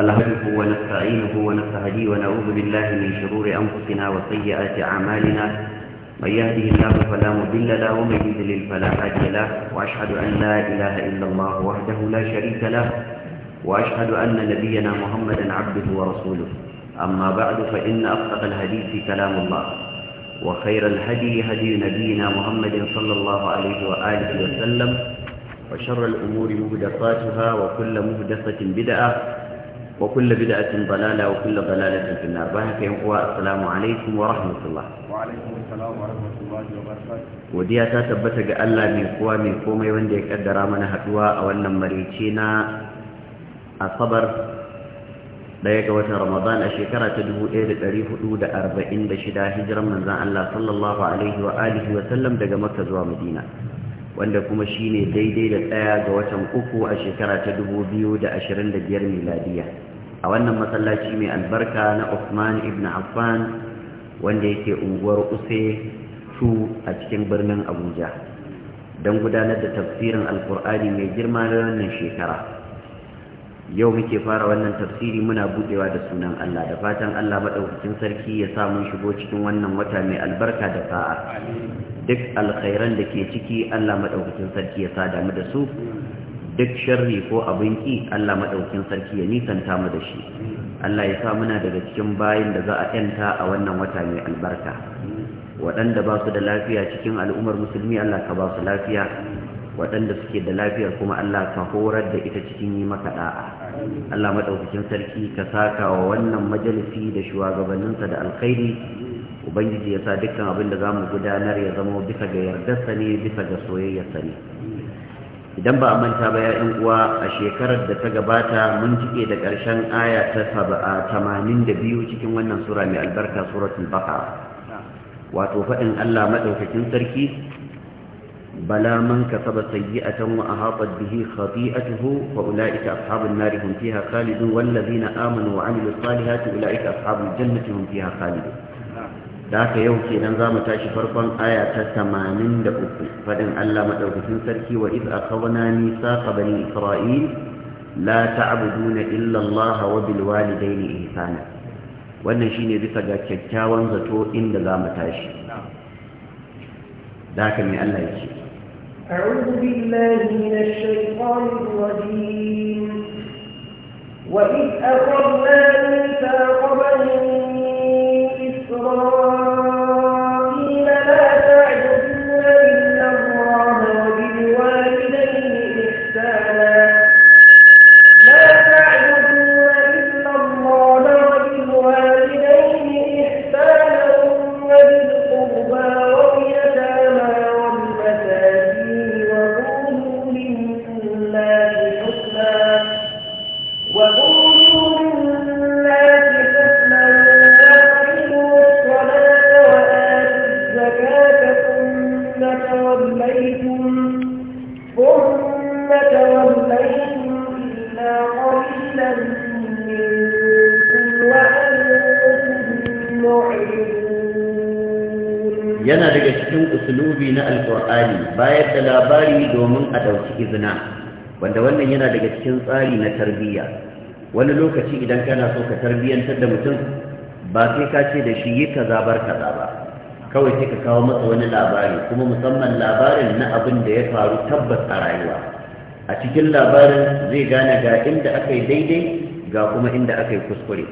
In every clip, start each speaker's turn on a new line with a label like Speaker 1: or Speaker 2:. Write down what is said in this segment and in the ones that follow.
Speaker 1: نحمده ونستعينه ونستهديه ونعوذ بالله من شرور أنفسنا وسيئات أعمالنا من يهده الله فلا مضل له ومن يضلل فلا هادي له وأشهد أن لا إله إلا الله وحده لا شريك له وأشهد أن نبينا محمدا عبده ورسوله أما بعد فإن أصدق الحديث كلام الله وخير الهدي هدي نبينا محمد صلى الله عليه وآله وسلم وشر الأمور مهدفاتها وكل مهدفة بدعة wa kulle bid'atin dalala wa kulle dalalatin fi nar bayan kai uwa assalamu alaikum wa rahmatullah
Speaker 2: wa alaikum assalam wa rahmatullahi wa
Speaker 1: godiya ta tabbata ga Allah mai kowa mai komai wanda ya kaddara mana haɗuwa a wannan marice na asabar ɗaya ga watan ramadan a shekara ta 1446 hijiran da Allah sallallahu alaihi wa alihi wa sallam daga makka zuwa madina wanda kuma shine daidai da tsaya ga watan uku a shekara ta 2025 miladiya a wannan masallaci mai albarka na usman ibn Affan wanda yake unguwar Use a cikin birnin Abuja don gudanar da tafsirin Alkur'ani mai girma na wannan shekara yau muke fara wannan tafsiri muna budewa da sunan Allah da fatan Allah madaukakin sarki ya sa mun shigo cikin wannan wata mai albarka da sa'a duk alkhairan da ke ciki Allah madaukakin sarki ya sadamu mu da su duk sharri ko abin ki Allah madaukakin sarki ya nisanta mu da shi Allah ya sa muna daga cikin bayin da za a yanta a wannan wata mai albarka waɗanda ba su da lafiya cikin al'ummar musulmi Allah ka ba su lafiya waɗanda suke da lafiyar kuma Allah ka horar da ita cikin yi maka da'a Allah madaukakin sarki ka saka wa wannan majalisi da shugabanninsa da alkhairi ubangiji ya sa dukkan abin da za mu gudanar ya zama bisa ga yardarsa ne bisa ga soyayyarsa ne
Speaker 2: idan ba a manta ba ya'yan uwa a shekarar da ta gabata
Speaker 1: mun cike da ƙarshen aya ta tamanin da biyu cikin wannan sura mai albarka suratul baka wato faɗin allah maɗaukakin sarki bala man kasaba sayyi'atan wa ahatat bihi khati'atuhu fa ulaika ashabun nar hum fiha khalidun wal ladina amanu wa amilus salihati ulaika ashabul jannati hum fiha khalidun da haka yau kenan za mu tashi farkon aya ta tamanin da uku faɗin Allah maɗaukacin sarki wa iz akabna nisa bani isra'il la ta'buduna illa Allah wa bil walidaini ihsana wannan ne bisa ga kyakkyawan zato inda za mu tashi da haka mai Allah yake
Speaker 2: أعوذ
Speaker 3: بالله من الشيطان الرجيم وإذ أخذنا ميثاق بني الله
Speaker 1: usulubi na alkur'ani bayar da labari domin a ɗauki izina wanda wannan yana daga cikin tsari na tarbiyya wani lokaci idan kana so ka tarbiyyantar da mutum ba sai ka ce da shi yi kaza bar kaza ba kawai sai ka kawo masa wani labari kuma musamman labarin na abin da ya faru tabbas a rayuwa a cikin labarin zai gane ga inda akai daidai ga kuma inda aka kuskure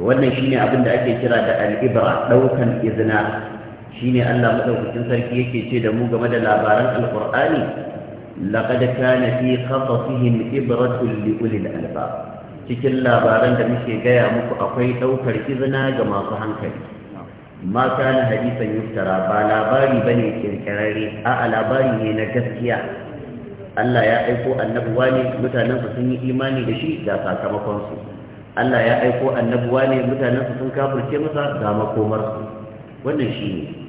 Speaker 1: wannan shine abin da ake kira da al'ibra ɗaukan izina shine Allah madaukakin sarki yake ce da mu game da labaran alqur'ani laqad kana fi qasasihim ibratun li ulil albab cikin labaran da muke gaya muku akwai ɗaukar izina ga masu hankali ma kana hadisan yuftara ba labari bane kirkirarre a labari ne na gaskiya Allah ya aiko annabuwa ne mutanensu sun yi imani da shi ga sakamakonsu Allah ya aiko annabuwa ne mutanensu sun kafirce masa ga makomarsu wannan shi ne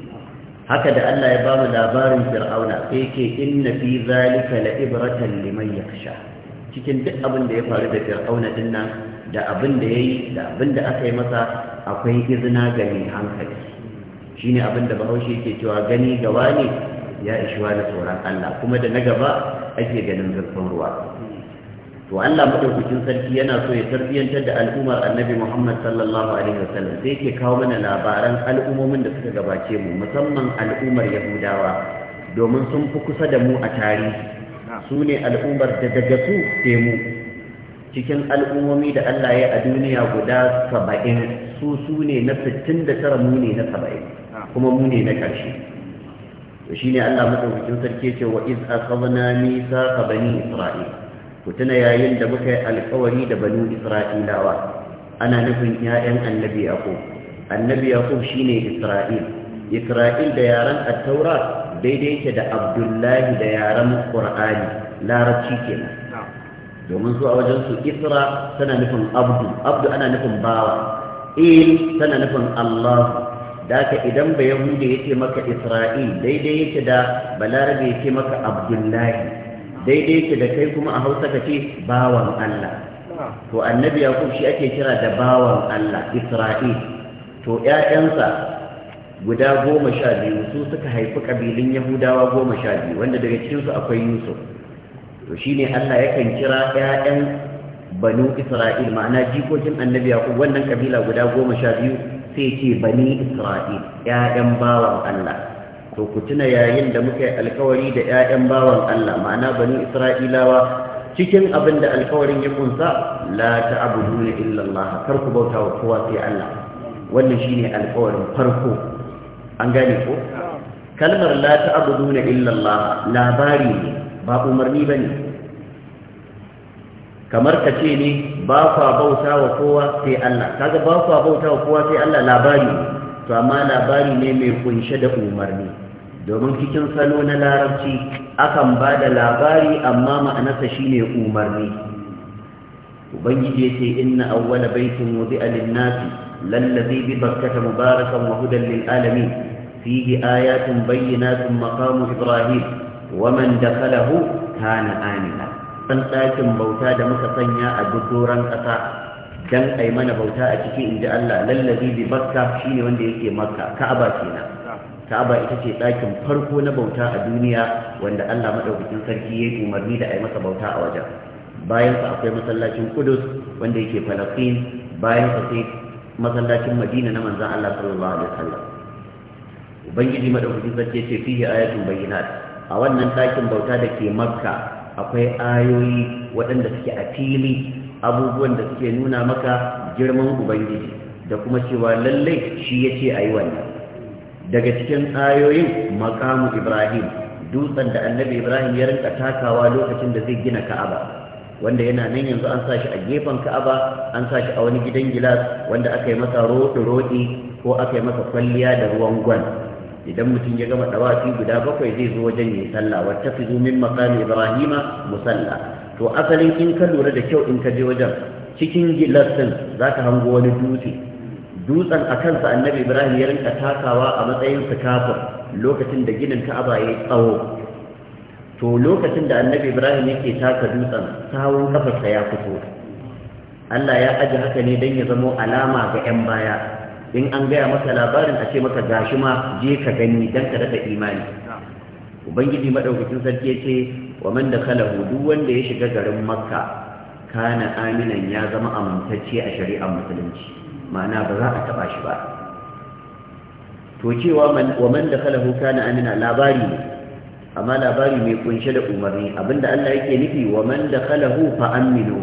Speaker 1: haka da Allah ya bamu labarin fir'auna sai yake inna fi zalika la ibratan liman yakhsha cikin duk abin da ya faru da fir'auna din nan da abin da yayi da abin da aka yi masa akwai izina ga mai hankali shine abin da Bahaushe yake cewa gani gawa ne ya ishuwa da tsoron Allah kuma da na gaba ake ganin zurfin ruwa to Allah madaukakin sarki yana so ya tarbiyantar da al'ummar Annabi Muhammad sallallahu alaihi wasallam sai yake kawo mana labaran al'ummomin da suka gabace mu musamman al'ummar Yahudawa domin sun fi kusa da mu a tarihi su ne al'ummar da daga su sai mu cikin al'ummomi da Allah ya a duniya guda saba'in su su ne na sittin da tara mu ne na saba'in kuma mu ne na ƙarshe to shine Allah madaukakin sarki ya ce wa iz akhadna mithaqa bani isra'ila ku tuna yayin da muka yi alkawari da banu isra'ilawa ana nufin 'ya'yan annabi yaqub annabi yaqub shine isra'il isra'il da yaran at-taura daidai yake da abdullahi da yaran qur'ani larabci kenan domin su a wajen su isra tana nufin abdu abdu ana nufin bawa il tana nufin allah da ka idan ba yahuda ya maka isra'il daidai yake da balarabe ya maka abdullahi daidai ki da kai kuma a hausa ka ce bawan Allah to annabi yaqub shi ake kira da bawan Allah Isra'il to ƴaƴansa guda goma sha biyu su suka haifi kabilun yahudawa goma sha biyu wanda daga cikinsu akwai yusuf to shine Allah yakan kira ƴaƴan banu isra'il ma'ana jikokin annabi yaqub wannan kabila guda goma sha biyu sai ce bani isra'il ƴaƴan bawan Allah to ku tuna yayin da muka yi alkawari da 'ya'yan bawan Allah ma'ana bani Isra'ilawa cikin abin da alkawarin ya kunsa la ta'buduna illa Allah kar ku bauta wa kowa sai Allah wannan shi ne alkawarin farko an gane ko kalmar la ta'buduna illa Allah labari ne ba umarni ba ne. kamar ka ce ne ba kwa bauta wa kowa sai Allah kaga ba kwa bauta wa kowa sai Allah labari to amma labari ne mai kunshe da umarni domin cikin salo na larabci akan ba da labari amma ma'anarsa shine umarni ubangiji ya ce inna awwala baitin wudi'a lin-nasi lallazi bi bakkata mubarakan wa hudan lil-alamin fihi ayatun sun maqamu ibrahim wa man dakhalahu kana amina san ɗakin bauta da muka sanya a duk doron ƙasa
Speaker 2: dan ai mana bauta a ciki inji Allah lallabi bi bakka shine wanda yake makka ka'aba kenan ka'aba ita ce ɗakin farko na bauta a duniya wanda Allah
Speaker 1: madaukakin sarki ya yi umarni da a yi masa bauta a wajen bayan sa akwai masallacin Kudus wanda yake Palestine bayan sa sai masallacin Madina na manzon Allah sallallahu alaihi wasallam ubangiji madaukakin sarki ce fihi ayatun bayyinat a wannan ɗakin bauta da ke Makka akwai ayoyi waɗanda suke a fili abubuwan da suke nuna maka girman ubangiji da kuma cewa lallai shi ya ce a yi wannan daga cikin ayoyin makamu ibrahim dutsen da annabi ibrahim ya rinka takawa lokacin da zai gina ka'aba wanda yana nan yanzu an sa shi a gefen ka'aba an sa shi a wani gidan gilas wanda aka yi masa roɗi-roɗi ko aka yi masa kwalliya da ruwan gwan idan mutum ya gama ɗawafi guda bakwai zai zo wajen yin sallah wata fi zo min makami ibrahima musalla to asalin in ka lura da kyau in ka je wajen cikin gilas din za hango wani dutse dutsen a kansa annabi ibrahim ya rinka takawa a matsayin kafin lokacin da ginin ka'aba ya tsawo to lokacin da annabi ibrahim yake taka dutsen sawun kafarsa ya fito allah ya aji haka ne don ya zamo alama ga 'yan baya in an gaya maka labarin a ce maka gashi ma je ka gani don ka daɗa imani ubangiji maɗaukakin sarki ya ce wa man da kalahu duk wanda ya shiga garin makka kana aminan ya zama amintacce a shari'ar musulunci ma'ana ba za a taba shi ba to cewa wa man dakhalahu kana amina labari ne amma labari mai kunshe da umarni abinda Allah yake nufi wa man dakhalahu fa aminu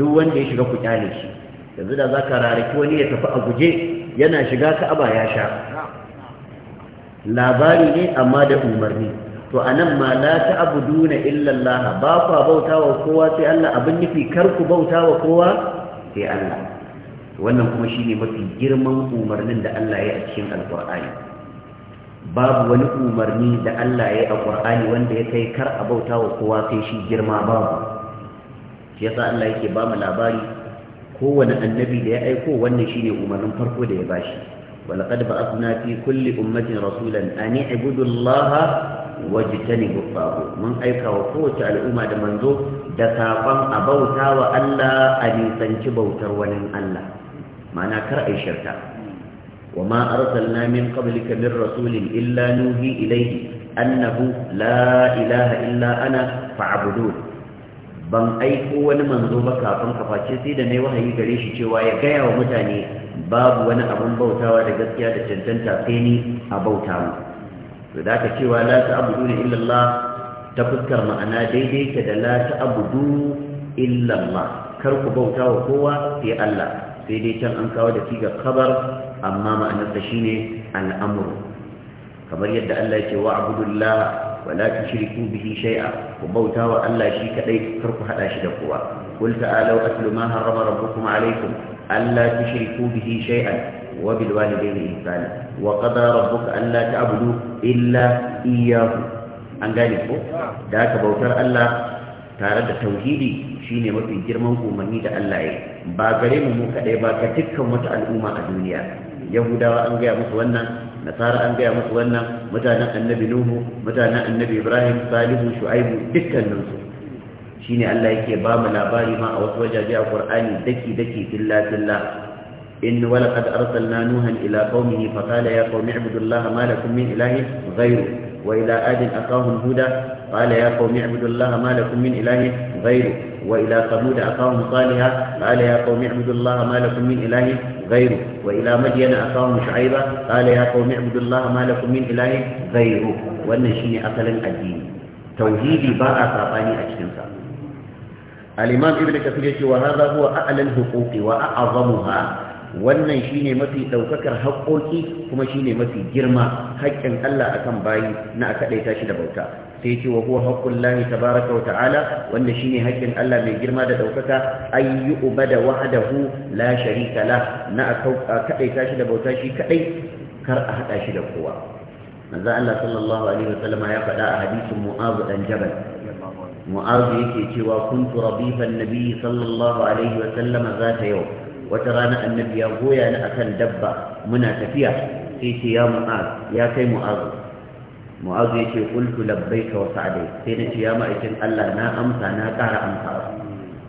Speaker 1: duk wanda ya shiga ku kyale shi yanzu da zaka raraki wani ya tafi a guje yana shiga ka'aba ya sha labari ne amma da umarni to anan ma la ta'buduna illa Allah ba ku bautawa kowa sai Allah abin nufi kar ku bautawa kowa sai Allah wannan kuma shine mafi girman umarnin da Allah ya yi a cikin Alƙur'ani. babu wani umarni da Allah ya yi a ƙur'ani wanda ya kai kar a bauta wa kowa sai shi girma babu shi yasa Allah yake ba mu labari kowane annabi da ya aiko wannan shine umarnin farko da ya bashi ولقد بعثنا في كل أمة رسولا أن aika wa kowace al'umma da manzo da الأمة a bauta wa Allah a nisanci bautar wani Allah. ma'ana kar a yi wa ma arsalna min qablika min rasulin illa nuhi ilayhi annahu la ilaha illa ana fa'budun ban aiko wani manzo ba kafin ka face sai da nayi wahayi gare shi cewa ya gaya wa mutane babu wani abun bautawa da gaskiya da cancanta sai ni a bautawa to da ka cewa la ta'buduna illa Allah ta fuskar ma'ana daidai da la ta'budu illa Allah kar ku bauta wa kowa sai Allah sai dai can an kawo da ga kabar amma ma'anarsa shine al'amuru kamar yadda Allah ya ce wa abudullah wa la tushriku bihi shay'a ku bauta wa Allah shi kadai kar ku hada shi da kowa qul ta'alu atlu ma harrama rabbukum alaykum alla tushriku bihi shay'an wa bil walidayni ihsana wa qada rabbuka alla ta'budu illa iyyahu an gane ko da ka bautar Allah tare da tauhidi shine mafi girman umarni da Allah ya ba gare mu mu kadai ba ga dukkan wata al'umma a duniya yahudawa an gaya musu wannan nasara an gaya musu wannan mutanen annabi nuhu mutanen annabi ibrahim salihu shu'aibu dukkaninsu shine Allah yake ba mu labari ma a wasu wajaje a qur'ani daki daki filla filla in walaqad arsalna nuhan ila qaumihi faqala ya qaumi ibudullaha ma lakum min ilahin ghayru wa ila adin aqahum huda qala ya qaumi ibudullaha ma lakum min ilahin غيره وإلى ثمود أخاهم صالحا قال يا قوم اعبدوا الله ما لكم من إله غيره وإلى مدين أخاهم شعيبا قال يا قوم اعبدوا الله ما لكم من إله غيره وأن شيني أصلا الدين توحيدي باء ساطاني أجتنسا الإمام ابن كثير وهذا هو أعلى الحقوق وأعظمها wannan shine mafi daukakar haƙoƙi kuma shine mafi girma haƙƙin Allah akan bayi na aka daita shi da bauta sai ce wa huwa haqqul lahi wa ta'ala wanda shine haƙƙin Allah mai girma da ɗaukaka, ay yu'bada wahdahu la sharika la na kadai tashi da bauta shi kadai kar a hada shi da kowa manzo Allah sallallahu alaihi wasallam ya faɗa a hadisin Mu'adh dan Jabal Mu'adh yake cewa kuntu rabifan nabi sallallahu alaihi za zata yau wata rana annabi ya goya ni akan dabba muna tafiya sai ce ya Mu'adh ya kai Mu'adh mu'azu yake qultu labbaika wa sa'dai sai nace ya ma'aikin Allah na amsa na ƙara amsa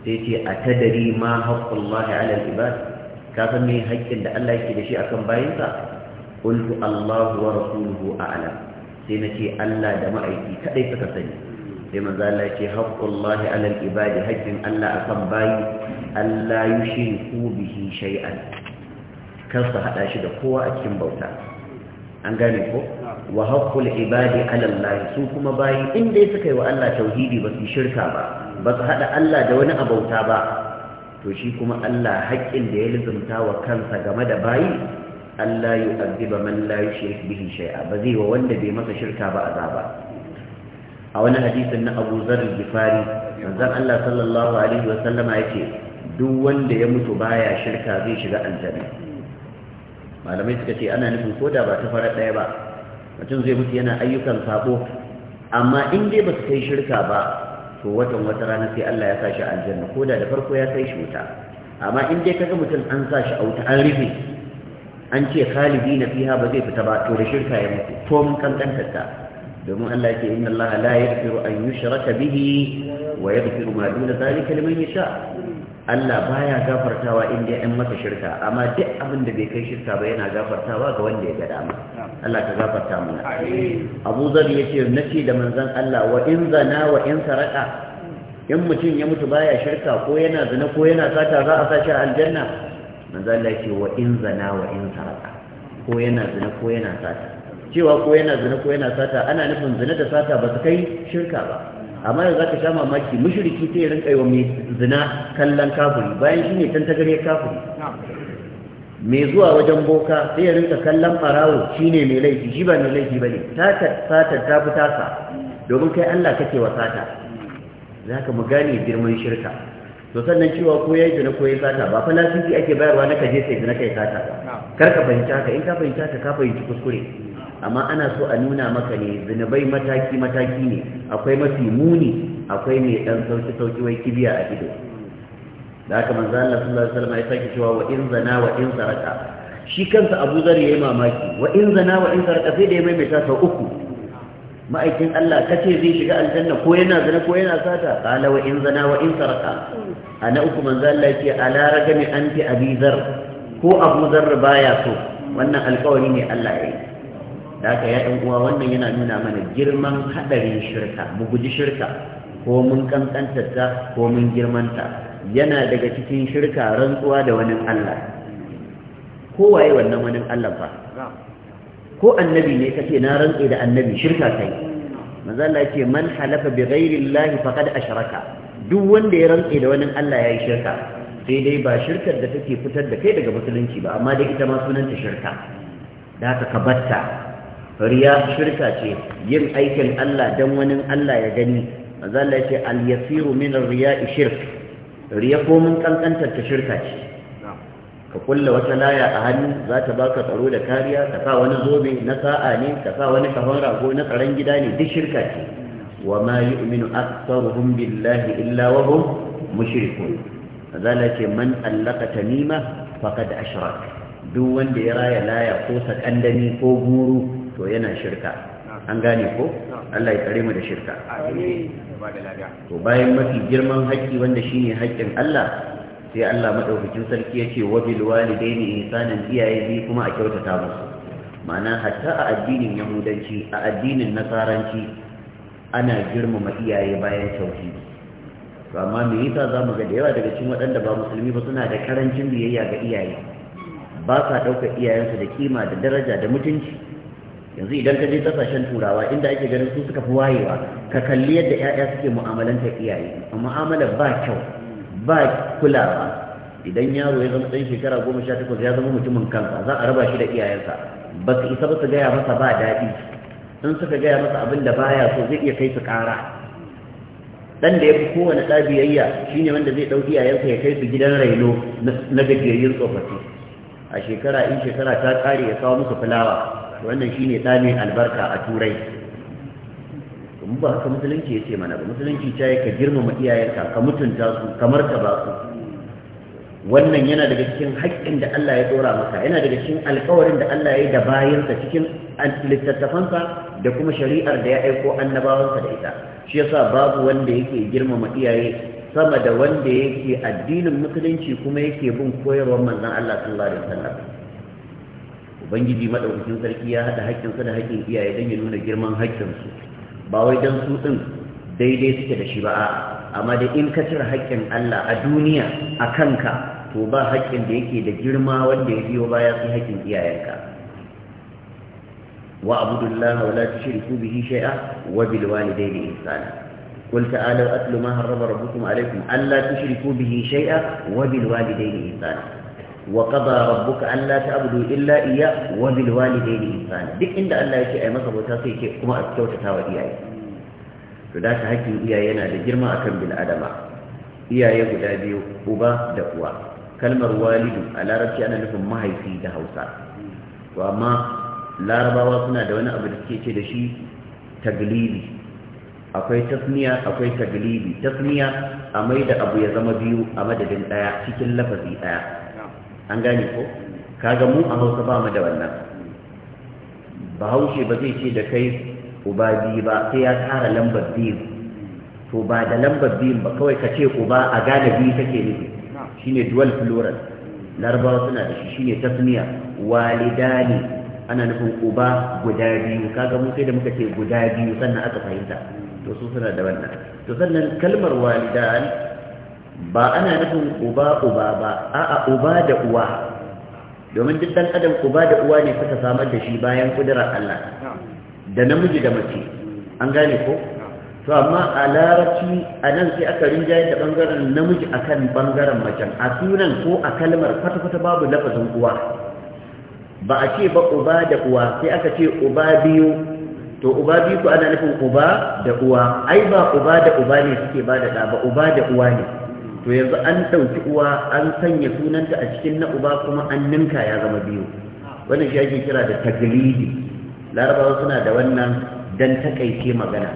Speaker 1: sai ce a atadari ma haqqullahi 'ala al-ibad ka san me haƙƙin da Allah yake da shi akan bayinsa qultu Allahu wa rasuluhu a'lam sai nace Allah da ma'aiki kadai suka sani sai manzo Allah ce haqqullahi 'ala al-ibad haƙƙin Allah akan bayi Allah yushriku bihi shay'an kar su hada shi da kowa a cikin bauta an gane ko wa haqqul ibadi ala Allah su kuma bayi inda suka yi wa Allah tauhidi ba su shirka ba ba su hada Allah da wani abauta ba to shi kuma Allah haƙƙin da ya lizumta wa kansa game da bayi Allah yu'adhiba man la yushrik bihi shay'a ba zai wa wanda bai masa shirka ba azaba a wani hadisin na Abu Zar al manzon Allah sallallahu alaihi wa sallama yake duk wanda ya mutu baya shirka zai shiga aljanna malamai suka ce ana nufin ko da ba ta farar ɗaya ba mutum zai mutu yana ayyukan sabo amma in dai ba su kai shirka ba to watan wata rana sai Allah ya sa shi aljanna ko da da farko ya kai shi wuta amma in dai kaga mutum an sa shi a wuta an rufe an ce khalidi na fiha ba zai fita ba to da shirka ya mutu to mun kankantar ta domin Allah yake inna Allah la yaghfiru an yushraka bihi wa yaghfiru ma duna dhalika liman yasha Allah baya gafartawa in dai an masa shirka amma duk abin da bai kai shirka ba yana gafartawa ga wanda ya ga dama Allah ka gafarta mana Abu Zar yace nace da manzon Allah wa in zana wa in saraka in mutum ya mutu baya shirka ko yana zina ko yana sata za a sace aljanna manzon Allah yace wa in zana wa in saraka ko yana zina ko yana sata cewa ko yana zina ko yana sata ana nufin zina da sata ba su kai shirka ba amma yanzu zaka sha mamaki mushriki sai ya rinka yi wa mai zina kallon kafiri bayan shi ne ya kafiri mai zuwa wajen boka sai ya rinka kallon farawo shine mai laifi shi ba mai laifi ne tata satar ta fi tasa domin kai Allah kake wa sata za ka mu gane girman shirka to sannan cewa ko yi zina ko yi sata ba fa ake bayarwa na kaje sai zina kai sata kar ka fahimta haka in ka fahimta haka ka fahimci kuskure amma ana so a nuna maka ne zunubai mataki mataki ne akwai mafi muni akwai mai dan sauki sauki wai kibiya a ido da haka manzo Allah sallallahu alaihi wasallam ya sake cewa wa in zana wa in saraka shi kansa Abu Zar yayi mamaki wa in zana wa in saraka sai da ya maimaita sau uku ma'aikin Allah kace zai shiga aljanna ko yana zina ko yana sata qala wa in zana wa in saraka ana uku manzo Allah yake ala ragami anti Abi Zar ko Abu Zar baya so wannan alƙawari ne Allah ya yi da haka ya ɗan uwa wannan yana nuna mana girman haɗarin shirka mu guji shirka ko mun kankanta ta ko mun girmanta yana daga cikin shirka rantsuwa da wani Allah waye wannan wani Allah ba ko annabi ne kace na rantse da annabi shirka kai manzo Allah yake man halafa bi ghairi Allah faqad ashraka duk wanda ya rantse da wani Allah yayi shirka sai dai ba shirkar da take fitar da kai daga musulunci ba amma dai ita ma sunanta shirka da ka batta riya shirka ce yin aikin Allah dan wani Allah ya gani manzo Allah yace al yasiru min ar riya shirk riya ko mun kankantar ta shirka ce ka kulla wata laya a hannu za ta baka tsaro da kariya ka sa wani zobe na sa'a ne ka sa wani kahon rago na tsaron gida ne duk shirka ce wa ma yu'minu aktsaruhum billahi illa wa hum mushrikun zala ce man allaka tamima faqad ashrak duk wanda ya raya laya ko sakandani ko guru to yana shirka an gane ko Allah ya tsare mu da shirka
Speaker 2: to bayan mafi girman haƙƙi wanda shine haƙƙin Allah
Speaker 1: sai Allah madaukakin sarki yace bil walidaini ihsanan iyaye bi kuma a kyautata musu ma'ana hatta a addinin yahudanci a addinin nasaranci ana girmama iyaye bayan tauhidi to amma me yasa zamu ga da yawa daga cikin waɗanda ba musulmi ba suna da karancin biyayya ga iyaye ba sa ɗaukar iyayensu da kima da daraja da mutunci yanzu idan ka je kasashen turawa inda ake ganin su suka fi wayewa ka kalli yadda 'ya'ya suke mu'amalanta iyaye mu'amalar ba kyau ba kulawa idan yaro ya zama ɗan shekara goma sha takwas ya zama mutumin kansa za a raba shi da iyayensa ba su isa ba su gaya masa ba daɗi in suka gaya masa abin da baya so zai iya kai su ƙara dan da ya fi kowane ɗa shine wanda zai ɗauki iyayensa ya kai su gidan raino na gajiyayyun tsofaffi a shekara in shekara ta ƙare ya kawo musu fulawa wannan shine tsami albarka a turai kuma ba haka musulunci yace mana ba musulunci ta ka girmama iyayenka ka mutunta su kamar ka ba su wannan yana daga cikin haƙƙin da Allah ya dora maka yana daga cikin alƙawarin da Allah ya yi da bayansa cikin littattafansa da kuma shari'ar da ya aiko annabawansa da ita shi yasa babu wanda yake girmama iyaye sama da wanda yake addinin musulunci kuma yake bin koyarwar manzon Allah sallallahu alaihi wasallam ubangiji maɗaukakin sarki ya haɗa hada haƙƙinsa da haƙƙin iyaye don ya nuna girman haƙƙinsu ba wai don su ɗin daidai suke da shi ba a amma da in ka cire haƙƙin Allah a duniya a kanka to ba haƙƙin da yake da girma wanda ya biyo baya sai haƙƙin iyayenka wa abudullaha wa la tushriku bihi shay'a wa bil walidayni ihsana قل تعالوا أتل ما هرب ربكم عليكم ألا تشركوا به شيئا وبالوالدين إحسانا وقضى ربك أن لا تعبدوا إلا إياه وبالوالدين إحسانا duk inda Allah yake ai maka bauta sai yake kuma a kyautata wa iyaye to da ta hakkin iyaye yana da girma akan bil adama iyaye guda biyu uba da uwa kalmar walidu a larabci ana nufin mahaifi da Hausa to amma larabawa suna da wani abu da suke ce da shi taglibi akwai tasniya akwai taglibi tasniya a mai da abu ya zama biyu a madadin daya cikin lafazi daya an gane ko kaga mu a hausa ba mu da wannan bahaushe ba zai ce da kai uba biyu ba sai ya tara lambar biyu to ba da lambar biyu ba kawai ka ce uba a gane biyu take nufi shine dual plural larabawa suna da shi shine tasmiya walidani ana nufin uba guda biyu kaga mu sai da muka ce guda biyu sannan aka fahimta to su suna da wannan to sannan kalmar walidan ba ana nufin uba uba ba a'a uba da uwa domin duk dan adam uba da uwa ne suka samar da shi bayan kudirar Allah da namiji da mace an gane ko to amma a larabci a nan sai aka rinjaye da bangaren namiji akan bangaren mace a sunan ko a kalmar kwata-kwata babu lafazin uwa ba a ce ba uba da uwa sai aka ce uba biyu to uba biyu ko ana nufin uba da uwa ai ba uba da uba ne suke ba da ba uba da uwa ne to yanzu an ɗauki uwa an sanya sunanta a cikin na uba kuma an ninka ya zama biyu wannan shi ake kira da taglidi larabawa suna da wannan dan takaice magana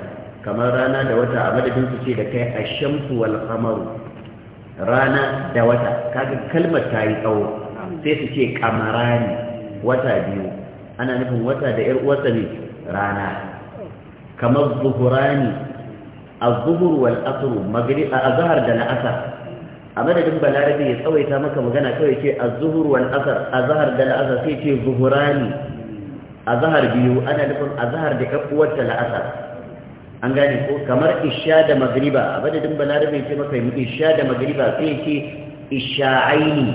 Speaker 1: kamar rana da wata a madadin su ce da kai ashamsu wal qamaru rana da wata kaga kalmar ta yi tsawo sai su ce kamarani wata biyu ana nufin wata da yar uwarsa ne rana kamar zuhurani az-zuhur wal asr maghrib az-zahr da la'asar a madadin balarabe ya tsawaita maka magana kawai ce a zuhur wal asar a zahar da la'asar sai ce zuhurani a zahar biyu ana nufin a zahar da ƴan uwarta la'asar an gane ko kamar isha da magriba a madadin balarabe ya ce maka isha da magriba sai ce isha'aini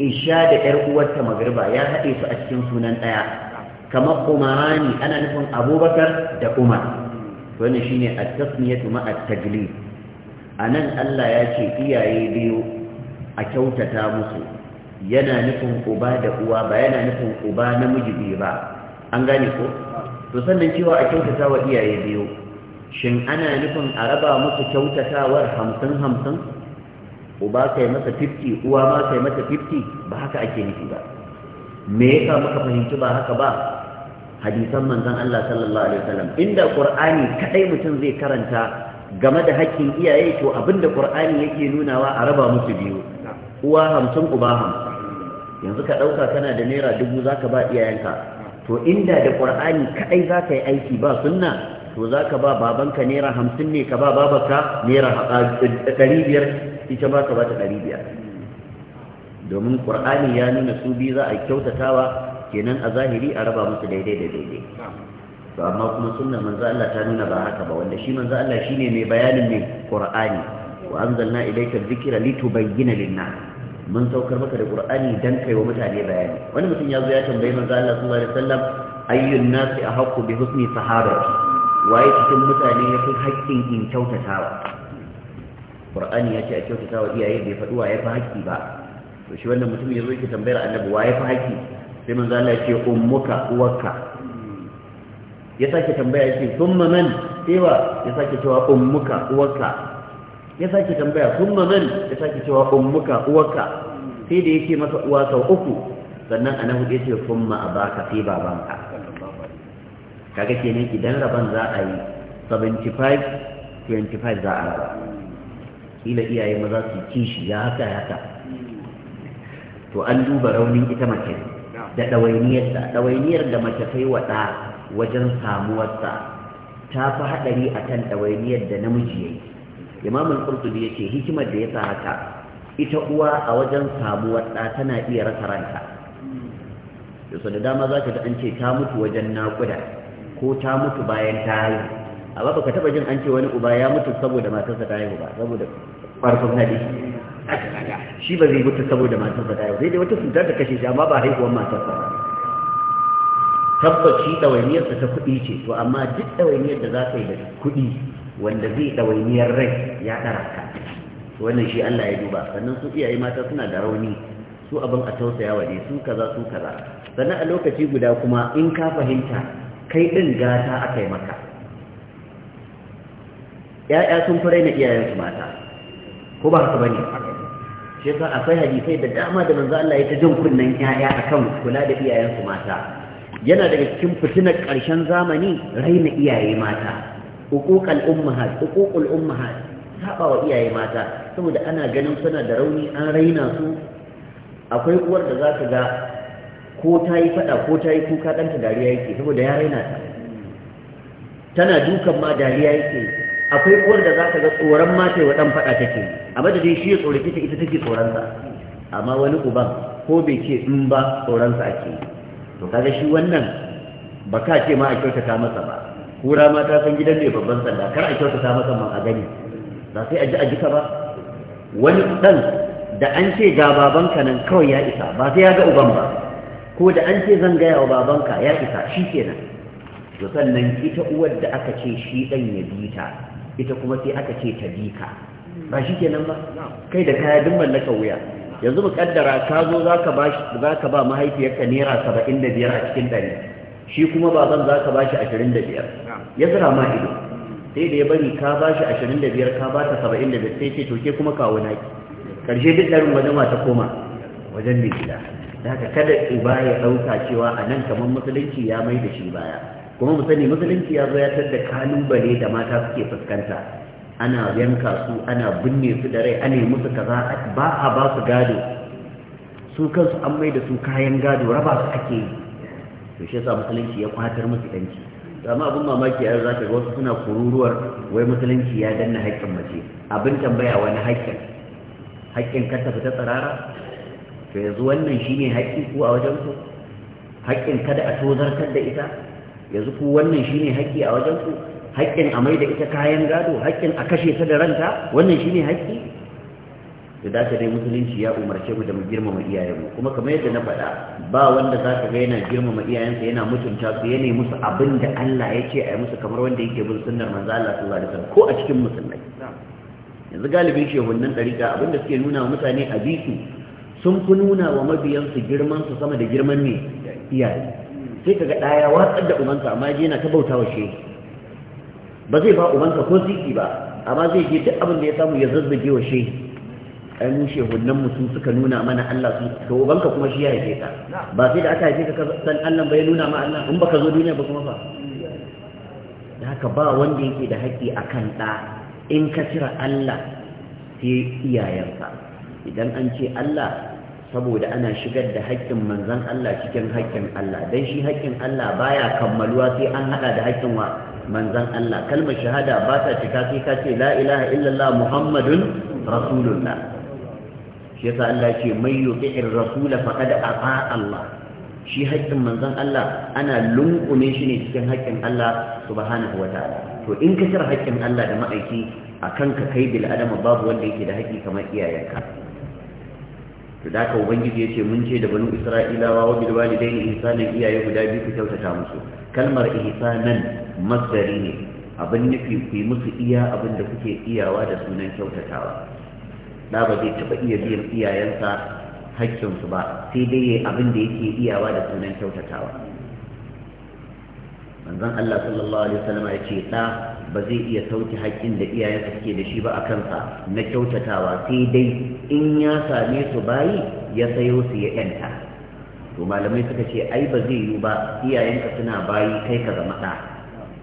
Speaker 1: isha da ƴar uwarta magriba ya haɗe su a cikin sunan ɗaya kamar umarani ana nufin abubakar da umar wannan shine at-tasmiyatu ma'a at-taglib a nan Allah ya ce iyaye biyu a kyautata musu yana nufin uba da uwa ba yana nufin uba namiji biyu ba an gane ko to sannan cewa a kyautata wa iyaye biyu shin ana nufin a raba musu kyautatawar hamsin hamsin uba kai masa 50 uwa ma kai mata 50 ba haka ake nufi ba me yasa muka fahimci ba haka ba hadisan manzon Allah sallallahu alaihi wasallam inda qur'ani kadai mutum zai karanta game da hakkin iyaye to abinda qur'ani yake nunawa a raba musu biyu uwa hamsin uba hamsin yanzu ka ɗauka kana da naira dubu zaka ba iyayenka to inda da qur'ani kaɗai zaka yi aiki ba sunna to zaka ba babanka naira hamsin ne ka ba babanka naira ɗari biyar ita ba ka ba ta ɗari biyar domin qur'ani ya nuna su biyu za a kyautatawa kenan a zahiri a raba musu daidai da daidai to amma kuma sunnar manzo Allah ta nuna ba haka ba wanda shi manzo Allah shine mai bayanin mai Qur'ani wa anzalna ilayka dhikra litubayyana lin-nas mun saukar maka da Qur'ani dan kai wa mutane bayani wani mutum ya zo ya tambayi manzo Allah sallallahu alaihi wasallam ayyun nasi ahqqu bi husni sahabati waye cikin mutane ya fi haƙƙin in kyautatawa Qur'ani ya ce a kyautatawa iyaye bai faɗi ya fa haƙƙi ba to shi wannan mutum ya zo yake tambayar annabi waye fa haƙƙi sai manzo Allah ya ce ummuka uwarka ya sake tambaya yake thumma man cewa ya sake cewa ummuka uwarka ya sake tambaya thumma man ya sake cewa ummuka uwarka sai da yake masa uwa sau uku sannan a nan ya ce thumma abaka sai babanka kaga kenan idan raban za a yi 75 25 za a raba ila iyaye maza su kishi ya haka haka to an duba raunin ita mace da ɗawainiyar da mace sai wa ɗa wajen samuwarsa ta fi haɗari a kan ɗawainiyar da namiji ya yi imamun ƙurtubi ya ce hikimar da ya sa haka ita uwa a wajen samuwar ɗa tana iya rasa ranta da da dama za ka ga an ce ta mutu wajen naƙuda ko ta mutu bayan ta haihu amma baka taɓa jin an ce wani uba ya mutu saboda matarsa ta haihu ba saboda ƙwarfin haɗi shi ba zai mutu saboda matarsa ta haihu sai da wata cutar ta kashe shi amma ba haihuwar matarsa ba tabbaci ɗawainiyarsa ta kuɗi ce to amma duk ɗawainiyar da za ka yi da kuɗi wanda zai ɗawainiyar rai ya ɗara ka wannan shi Allah ya duba sannan su iyaye mata suna da rauni su abin a tausaya wa ne su kaza su kaza sannan a lokaci guda kuma in ka fahimta kai ɗin gata aka yi maka ‘ya'ya sun fi raina iyayensu mata ko ba haka ba ne shi yasa akwai hadisai da dama da manzo Allah ya ta jin kunnen ‘ya'ya akan kula da iyayensu mata yana daga cikin fitinar ƙarshen zamani raina iyaye mata hukukan ummahat hukukul ummahat saba wa iyaye mata saboda ana ganin suna da rauni an raina su akwai uwar da za ka ga ko ta yi faɗa ko ta yi kuka ɗanta dariya yake saboda ya raina ta tana dukan ma dariya yake akwai uwar da za ka ga tsoron mata wa ɗan faɗa take a madadin shi ya tsoraki ta ita take tsoronsa amma wani uban ko bai ce in ba tsoronsa ake yi to kaga shi wannan ba ka ce ma a kyautata masa ba kura ma ta san gidan ne babban sanda kar a kyautata masa man a gani ba sai a ji a jika ba wani dan da an ce ga babanka nan kawai ya isa ba sai ya ga uban ba ko da an ce zan gaya wa babanka ya isa shi kenan to sannan ita uwar da aka ce shi dan ya bi ta ita kuma sai aka ce ta bi ka ba shi kenan ba kai da kaya duk mallaka wuya yanzu mu kaddara ka zo zaka ba zaka ba mahaifiyarka naira 75 a cikin ɗari. shi kuma baban zaka ba shi 25 ya zira ma ido sai da ya bari ka ba shi 25 ka ba ta 75 sai ce to ke kuma kawo ki karshe duk darin wajen ma ta koma wajen mai gida haka kada uba ya dauka cewa a nan kamar musulunci ya mai da shi baya kuma mu sani musulunci ya zo ya da kalubale da mata suke fuskanta ana yanka su ana binne su da rai ana yi musu kaza ba a ba su gado su kansu an mai da su kayan gado raba su ake yi to shi yasa musulunci ya kwatar musu danci to amma abin mamaki a zaka ga wasu suna kururuwar wai musulunci ya danna haƙƙin mace abin tambaya wani haƙƙin haƙƙin ka ta fita tsirara to yanzu wannan shine haƙƙi ko a wajen ku haƙƙin kada a tozartar da ita yanzu ku wannan shine haƙƙi a wajen ku haƙƙin a mai da ita kayan gado haƙƙin a kashe ta da ranta wannan shine haƙƙi da ta dai musulunci ya umarce mu da mu girmama iyayenmu kuma kamar yadda na faɗa ba wanda za ka ga yana girmama iyayensa yana mutunta su yana musu abin da Allah ya ce a yi musu kamar wanda yake bin sunnar manzo Allah sallallahu alaihi wasallam ko a cikin musulmai yanzu galibin shehunnan ɗarika abin da suke nuna wa mutane a bisu sun fi nuna wa mabiyansu girman su sama da girman ne iyaye sai ka ga ɗaya watsar da ubansa amma yana ta bauta wa shehu ba zai ba ubansa ko ziki ba amma zai je duk abin da ya samu ya zazzage wa shehi ai mu shehunan mu sun suka nuna mana Allah su to ubanka kuma shi ya haife ka ba sai da aka haife ka san Allah bai nuna ma Allah in baka zo duniya ba kuma ba da haka ba wanda yake da haƙƙi akan ɗa in ka cira Allah sai iyayenka idan an ce Allah saboda ana shigar da haƙƙin manzan Allah cikin haƙƙin Allah dan shi haƙƙin Allah baya kammaluwa sai an hada da haƙƙin wa manzan Allah kalmar shahada ba ta cika sai ka ce la ilaha illallah muhammadun rasulullah shi yasa Allah ce mai yuti'ir rasul faqad ata Allah shi haƙƙin manzan Allah ana lunkume shi ne cikin haƙƙin Allah subhanahu wataala to in ka cire haƙƙin Allah da ma'aiki akan ka kai bil babu wanda yake da haƙƙi kamar iyayenka to da ubangiji ya ce mun ce da banu isra'ilawa wa bil walidaini ihsanan iyaye guda biyu ku kyautata musu kalmar ihsanan masdari ne abin nufi ku musu iya abin da kuke iyawa da sunan kyautatawa da ba zai taɓa iya biyan iyayensa haƙƙinsu ba sai dai yayi abin da yake iyawa da sunan kyautatawa manzon Allah sallallahu alaihi wasallam ya ce da ba zai iya sauki haƙƙin da iyayensa suke da shi ba a kansa na kyautatawa sai dai in ya same su bayi ya sayo su ya yanta to malamai suka ce ai ba zai yiwu ba iyayenka suna bayi kai ka zama ɗa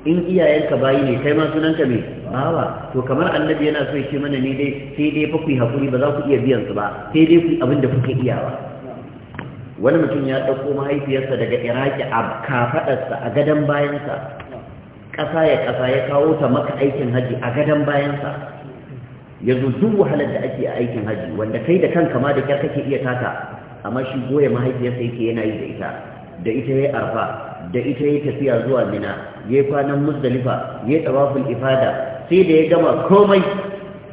Speaker 1: in iyayenka bayi ne kai ma sunanka me bawa to kamar annabi yana so ce mana ne dai sai dai fa ku yi hakuri ba za ku iya biyan su ba sai dai ku yi abin da iya iyawa wani mutum ya ɗauko mahaifiyarsa daga iraki a kafaɗarsa a gadon bayansa ƙasa ya ƙasa ya kawo ta maka aikin haji a gadon bayansa ya zo duk wahalar da ake a aikin haji wanda kai da kanka ma da kyar kake iya taka amma shi goya mahaifiyarsa yake yana yi da ita da ita ya arfa da ita ya tafiya zuwa mina ya kwanan muzdalifa ya tsawafin ifada sai da ya gama komai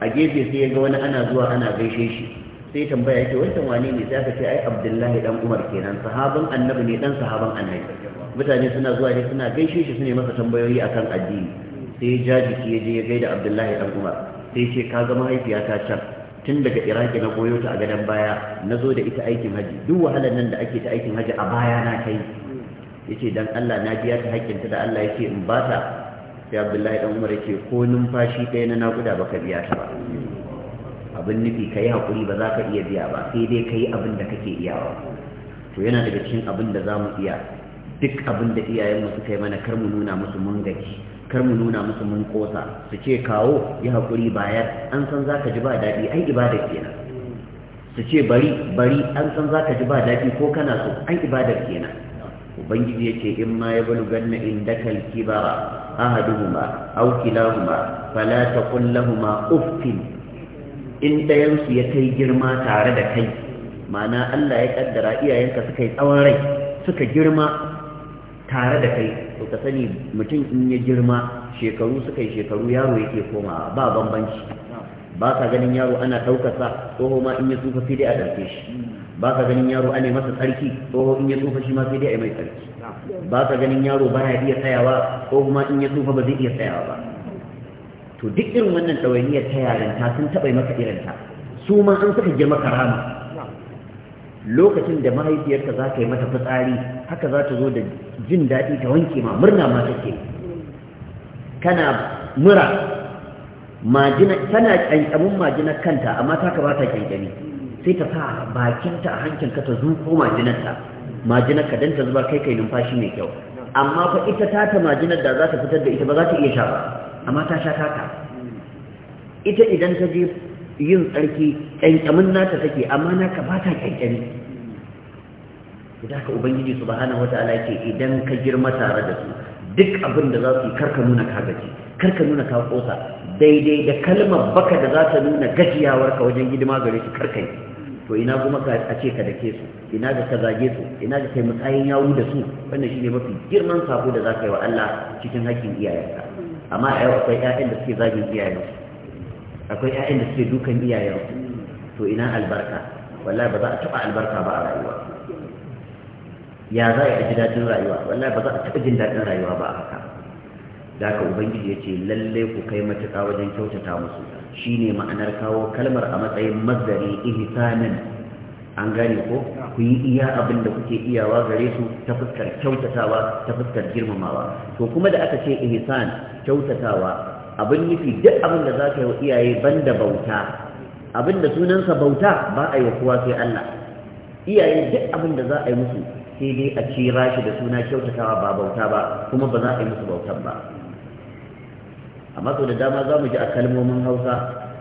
Speaker 1: a gefe sai ya ga wani ana zuwa ana gaishe shi sai tambaya ke, wancan wane ne sai aka ce ai abdullahi dan umar kenan sahaban annabi ne dan sahaban annabi mutane suna zuwa ne suna gaishe shi sune masa tambayoyi akan addini sai ja jiki ya je ya gaida abdullahi dan umar sai ce ka ga mahaifiyata can tun daga iraki na goyo ta a gadon baya na zo da ita aikin haji duk wahalar nan da ake ta aikin haji a baya na kai yace dan Allah na biya ta haƙƙinta da Allah yace in ba ta sai Abdullahi dan Umar yace ko numfashi ɗaya na naƙuda baka biya ta ba abin nufi kai hakuri ba za ka iya biya ba sai dai kai abin da kake iyawa to yana daga cikin abin da za mu iya duk abin da iyayenmu suka yi mana kar mu nuna musu mun gaji kar mu nuna musu mun kosa su ce kawo yi haƙuri bayar an san za ka ji ba daɗi ai ibada kenan su ce bari bari an san za ka ji ba daɗi ko kana so ai ibada kenan ubangiji ce in ma ya bulganna indakal kibara ahaduhuma aw kilahuma fala taqul lahumu uffin in ɗayansu ya kai girma tare da kai Ma'ana Allah ya kaddara iyayenka suka yi tsawon rai suka girma tare da kai to ka sani mutum in ya girma shekaru suka yi shekaru yaro yake komawa ba bambanci ba ka ganin yaro ana ɗaukar tsoho ma in ya tsufa sai dai a ɗauke shi ba ka ganin yaro ana masa tsarki tsoho in ya tsufa shi ma sai dai a mai tsarki ba ka ganin yaro ba ya iya tsayawa tsoho ma in ya tsufa ba zai iya tsayawa ba to duk irin wannan ɗawainiyar ta yaranta sun taɓa maka irinta su ma an suka girma karama lokacin da mahaifiyarta za ka yi mata fitsari haka za ta zo da jin daɗi ta wanke ma murna ma take kana mura majina tana kyankyamin majina kanta amma ta ka ba ta kyankyami sai ta sa bakinta a hankinka ta zuko majinarta majinar ka dan ta zuba kai kai numfashi mai kyau amma fa ita ta ta majinar da za ta fitar da ita ba za ta iya sha ba amma ta sha taka ita idan ta je yin tsarki kyankyamin nata take amma naka ba ta kyankyami da ka ubangiji subhanahu wataala ce idan ka girma tare da su duk abin da za su yi karka nuna ka gaji karka nuna ka kosa daidai da kalmar baka da za ta nuna gajiyawar ka wajen hidima gare su karka to ina kuma ka a ce ka dake su ina ga ka zage su ina ga kai matsayin yawu da su wannan shine mafi girman sako da za ka yi wa Allah cikin hakkin iyayenka amma a yau akwai ƴaƴan da suke zagin iyayensu akwai ƴaƴan da suke dukan iyayensu to ina albarka wallahi ba za a taɓa albarka ba a rayuwa ya za a ji daɗin rayuwa wallahi ba za a taɓa jin daɗin rayuwa ba a haka da ka ubangiji ya ce lallai ku kai matuƙa wajen kyautata musu shine ma'anar kawo kalmar a matsayin mazari ihsanan an gane ko ku yi iya abin da kuke iyawa gare su ta fuskar kyautatawa ta fuskar girmamawa to kuma da aka ce ihisan kyautatawa abin nufi duk abin da za ka yi wa iyaye banda bauta abin da sunansa bauta ba a yi wa kowa sai Allah iyaye duk abin da za a yi musu sai dai a kira shi da suna kyautatawa ba bauta ba kuma ba za a yi musu bautan ba amma sau da dama za mu ji a kalmomin hausa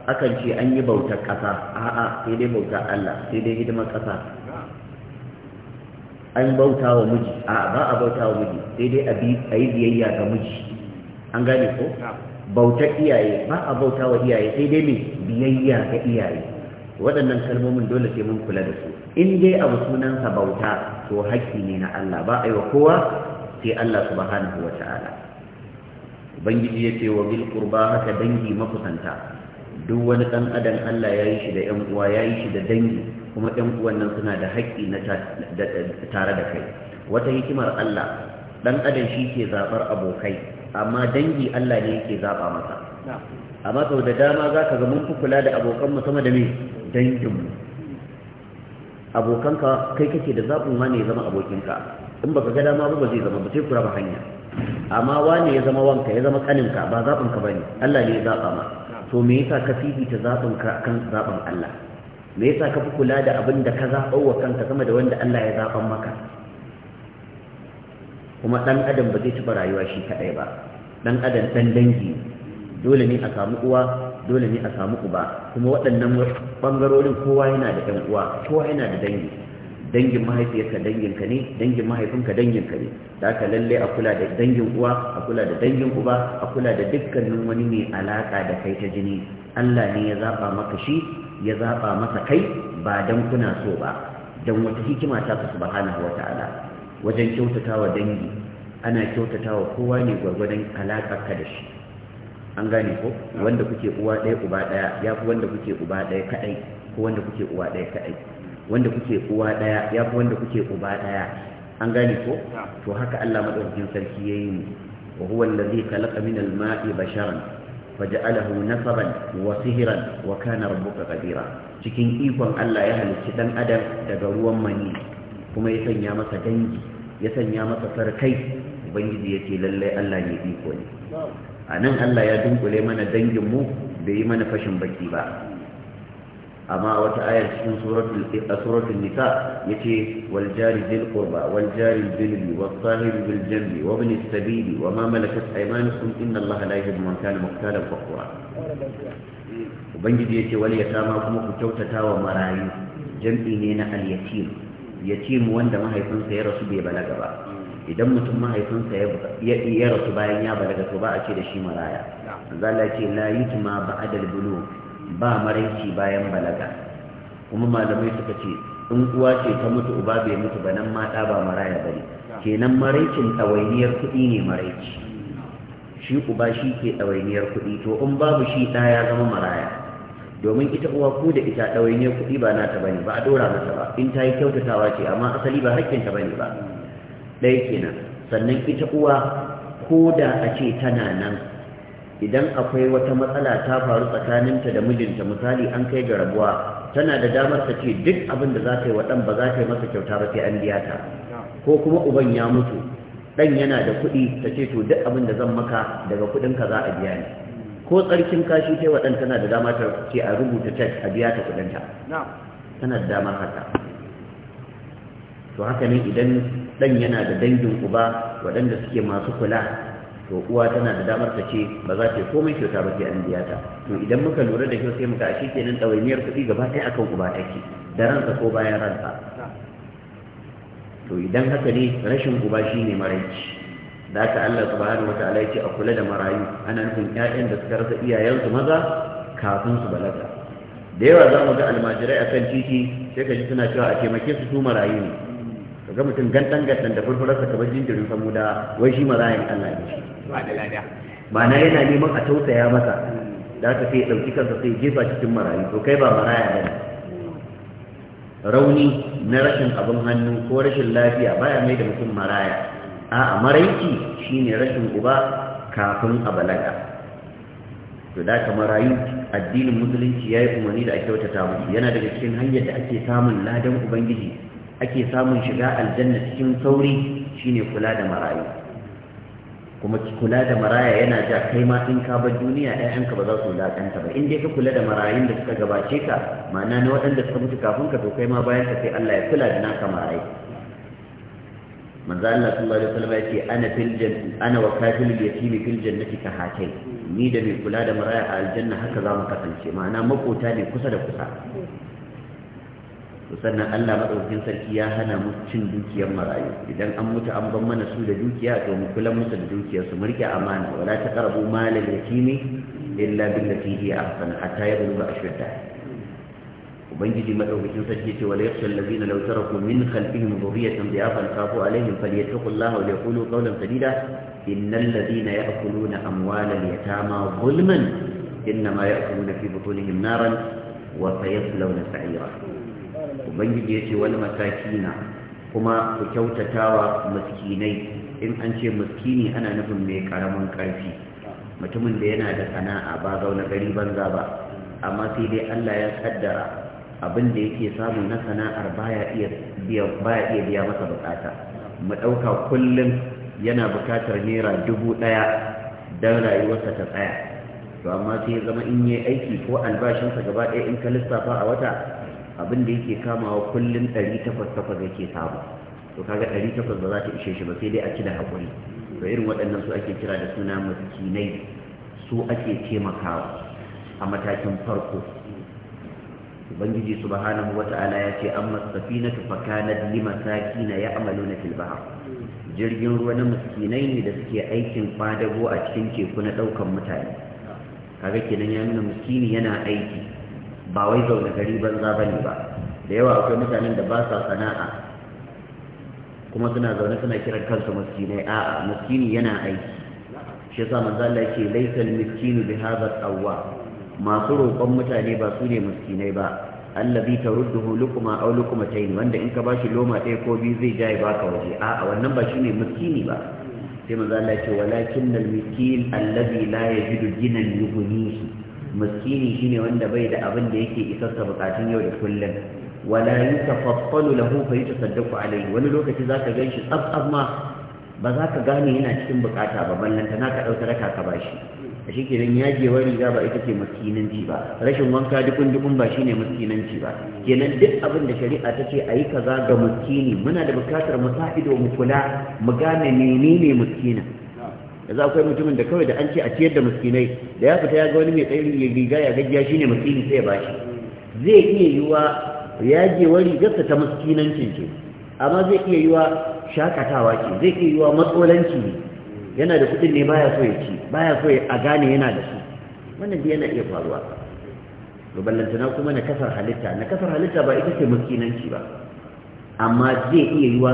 Speaker 1: akan ce an yi bautar ƙasa a'a sai dai bauta Allah sai dai hidimar ƙasa an bauta wa miji a'a ba a bauta wa miji sai dai a yi biyayya ga miji an gane ko bautar iyaye ba a bauta wa iyaye sai dai mai biyayya ga iyaye waɗannan kalmomin dole sai mun kula da su in dai abu sunansa bauta to haƙƙi ne na Allah ba a yi wa kowa sai Allah subhanahu wa ta'ala ubangiji ya ce wa bil haka dangi makusanta duk wani ɗan adam Allah ya yi shi da 'yan uwa ya yi shi da dangi kuma 'yan uwan nan suna da haƙƙi na tare da kai wata hikimar Allah dan adam shi ke zabar abokai amma dangi Allah ne yake zaba masa amma sau da dama za ka ga mun fi kula da abokanmu sama da me danginmu abokanka kai kake da zaɓin ma ne ya zama abokinka in baka ga dama ba zai zama ba sai ku raba hanya amma wane ya zama wanka ya zama kaninka ba zaɓinka ba ne, Allah ne ya zaɓa ma to me yasa ka fifita ta zaɓinka kan zaɓin Allah me yasa ka fi kula da abin da ka zaɓa wa kanka sama da wanda Allah ya zaɓan maka kuma ɗan adam ba zai taɓa rayuwa shi kaɗai ba ɗan adam ɗan dangi dole ne a samu uwa dole ne a samu uba kuma waɗannan ɓangarorin kowa yana da ɗan uwa kowa yana da dangi dangin mahaifiyarka ka ne dangin mahaifinka dangin ka ne da ka lalle a kula da dangin uwa a kula da dangin uba a kula da dukkanin wani mai alaka da kai ta jini Allah ne ya zaba maka shi ya zaba masa kai ba dan kuna so ba dan wata hikima ta subhanahu wata'ala wajen kyautatawa dangi ana kyautatawa kowa ne gwargwadon alaƙarka da shi an gane ko wanda kuke uwa ɗaya uba ɗaya ya fi wanda kuke uba ɗaya kaɗai ko wanda kuke uwa ɗaya kaɗai wanda kuke uwa ɗaya ya fi wanda kuke uba ɗaya an gane ko to haka Allah madaukakin sarki yayi mu wa huwa allazi khalaqa min al-ma'i basharan ja'alahu nasaban wa sihran wa kana rabbuka qadira cikin ikon Allah ya halicci dan adam daga ruwan mani kuma ya sanya masa dangi ya sanya masa sarkai ubangiji yace lalle Allah ne iko ne a nan Allah ya dunkule mana danginmu bai yi mana fashin baki ba amma wata ayar cikin suratul nisa yace wal jari dhil qurba wal jari dhil was sahib bil jambi wa ibn sabili wa ma malakat aymanukum inna Allah la yuhibbu man kana muqtalan fakhura ubangiji yace wal yatama kuma ku kyautata wa marayu jam'i ne na al yatim yatim wanda mahaifinsa ya rasu bai balaga ba idan mutum mahaifinsa ya rasu bayan ya balaga to ba a ce da shi maraya zala ce la yutma ba'dal bulu ba maraici bayan balaga kuma malamai suka ce in uwa ce ta mutu uba bai mutu ba nan mata ba maraya bane kenan maraicin ɗawainiyar kuɗi ne maraici shi uba shi ke ɗawainiyar kuɗi to in babu shi ɗa ya zama maraya domin ita uwa ko da ita ɗawainiyar kuɗi ba nata bane ba a ɗora mata ba in ta yi kyautatawa ce amma asali ba hakkinta bane ba ɗaya kenan sannan ita uwa ko da a ce tana nan idan akwai wata matsala ta faru tsakaninta da mijinta misali an kai ga rabuwa tana da damar ta ce duk abin da za ta yi wa ɗan ba za ta yi masa kyauta ba sai an biya ta ko kuma uban ya mutu ɗan yana da kuɗi ta ce to duk abin da zan maka daga kuɗinka za a biya ni ko tsarkin kashi ta waɗan tana da dama ta ce a rubuta cek a biya ta ta tana da damar haka to haka ne idan dan yana da dangin uba waɗanda suke masu kula to uwa tana da damar ta ce ba za ta komai kyauta ba ke an biya ta to idan muka lura da kyau sai muka ashe kenan ɗawainiyar kuɗi gaba ɗaya akan uba take da ransa ko bayan ransa to idan haka ne rashin uba shine maraici da haka Allah subhanahu wataala yake a kula da marayu ana nufin ƴaƴan da suka rasa iyayensu maza kafin su balaga da yawa za mu ga almajirai akan titi sai ka ji suna cewa a taimake su su marayu ne ka ga mutum gandan gandan da furfurarsa sa bar jinjirin saboda wai shi marayin Allah ne Ba na yana neman a tausaya masa da ka sai dauki kansa sai jefa cikin marayu to kai ba maraya ba ne rauni na rashin abin hannu ko rashin lafiya baya mai da mutum maraya A'a, maraici shine rashin uba kafin a balaga to da ka marayu addinin musulunci ya yi umarni da a kyautata musu yana daga cikin hanyar da ake samun ladan ubangiji ake samun shiga aljanna cikin sauri shine kula da marayu kuma kula da maraya yana ja kai ma in ka bar duniya ƴaƴanka ba za su wulaƙanta ba in dai ka kula da marayun da suka gabace ka ma'ana na waɗanda suka mutu kafin ka to kai ma bayan ka sai Allah ya kula da naka marayu manzo Allah sallallahu alaihi wasallam yace ana fil jannati ana wa kafil yatimi fil jannati ka hatai ni da mai kula da maraya a aljanna haka za mu kasance ma'ana makota ne kusa da kusa sannan Allah maɗaukin sarki ya hana mu cin dukiyar marayu idan an mutu an ban mana su da dukiya to mu kula musu da dukiyar su murke amana wala taqrabu malal yatimi illa billati hi ahsan hatta yabluga ashudda ubangiji maɗaukakin sarki ce wala yakhsha allazina law taraku min khalfihim dhurriyatan dhiyafan khafu alaihim falyattaqullaha wa yaqulu qawlan sadida innal ladina ya'kuluna amwalal yatama zulman innama ya'kuluna fi butunihim naran wa sayaslawna sa'ira ubangiji ya ce wani mataki na, kuma ku kyautatawa miskinai in an ce miskini ana nufin mai karamin karfi mutumin da yana da sana'a ba zaune gari banza ba amma sai dai Allah ya kaddara abin da yake samu na sana'ar baya iya biya masa bukata mu ɗauka kullum yana bukatar naira dubu ɗaya don rayuwarsa ta tsaya to amma sai ya zama in yi aiki ko albashinsa gaba ɗaya in ka lissafa a wata abin da yake kamawa kullum 800 yake samu to kaga 800 ba za ta ishe shi ba sai dai a ci da haƙuri to irin waɗannan su ake kira da suna maskinai su ake taimakawa a matakin farko ubangiji subhanahu wata'ala ya ce amma safinatu fakanat ya ya'maluna na bahr jirgin ruwa na miskinai ne da suke aikin fadago a cikin teku na ɗaukan mutane kaga kenan ya nuna miskini yana aiki ba wai zaune gari banza bane ba da yawa akwai mutanen da ba sa sana'a kuma suna zaune suna kiran kansu miskinai a'a maskini yana aiki shi yasa manzo Allah yake laysa miskinu bi hadha al masu roƙon mutane ba su ne maskinai ba allazi tarudduhu lukuma aw lukumatayn wanda in ka bashi loma ɗaya ko biyu zai jaye baka waje a'a wannan ba shine miskini ba sai manzo Allah yake walakinnal miskin allazi la yajidu jinan yughnihi miskini shine wanda bai da abin da yake isarsa bukatun yau da kullum wala yatafaddalu lahu fa yatasaddaqu alayhi wani lokaci zaka gan shi tsaf ma ba za ka gane yana cikin bukata ba ballan na ka dauka raka ka bashi a shi kenan wani riga ba ita ce maskinanci ba rashin wanka dukun dukun ba shine maskinanci ba kenan duk abin da shari'a ta ce a yi kaza ga muskini muna da bukatar mu sa ido mu kula mu gane menene muskinin. yanzu akwai mutumin da kawai da an ce a ciyar da muskinai da ya fita ya ga wani mai tsayin riga ya gajiya shine miskini sai ya bashi zai iya yiwa je wari gasa ta muskinancin ce amma zai iya yiwa shakatawa ce zai iya yiwa matsolanci ne yana da kuɗin ne baya so ya ci baya so a gane yana da su wannan dai yana iya faruwa to ballantana kuma na kasar halitta na kasar halitta ba ita ce muskinanci ba amma zai iya yiwa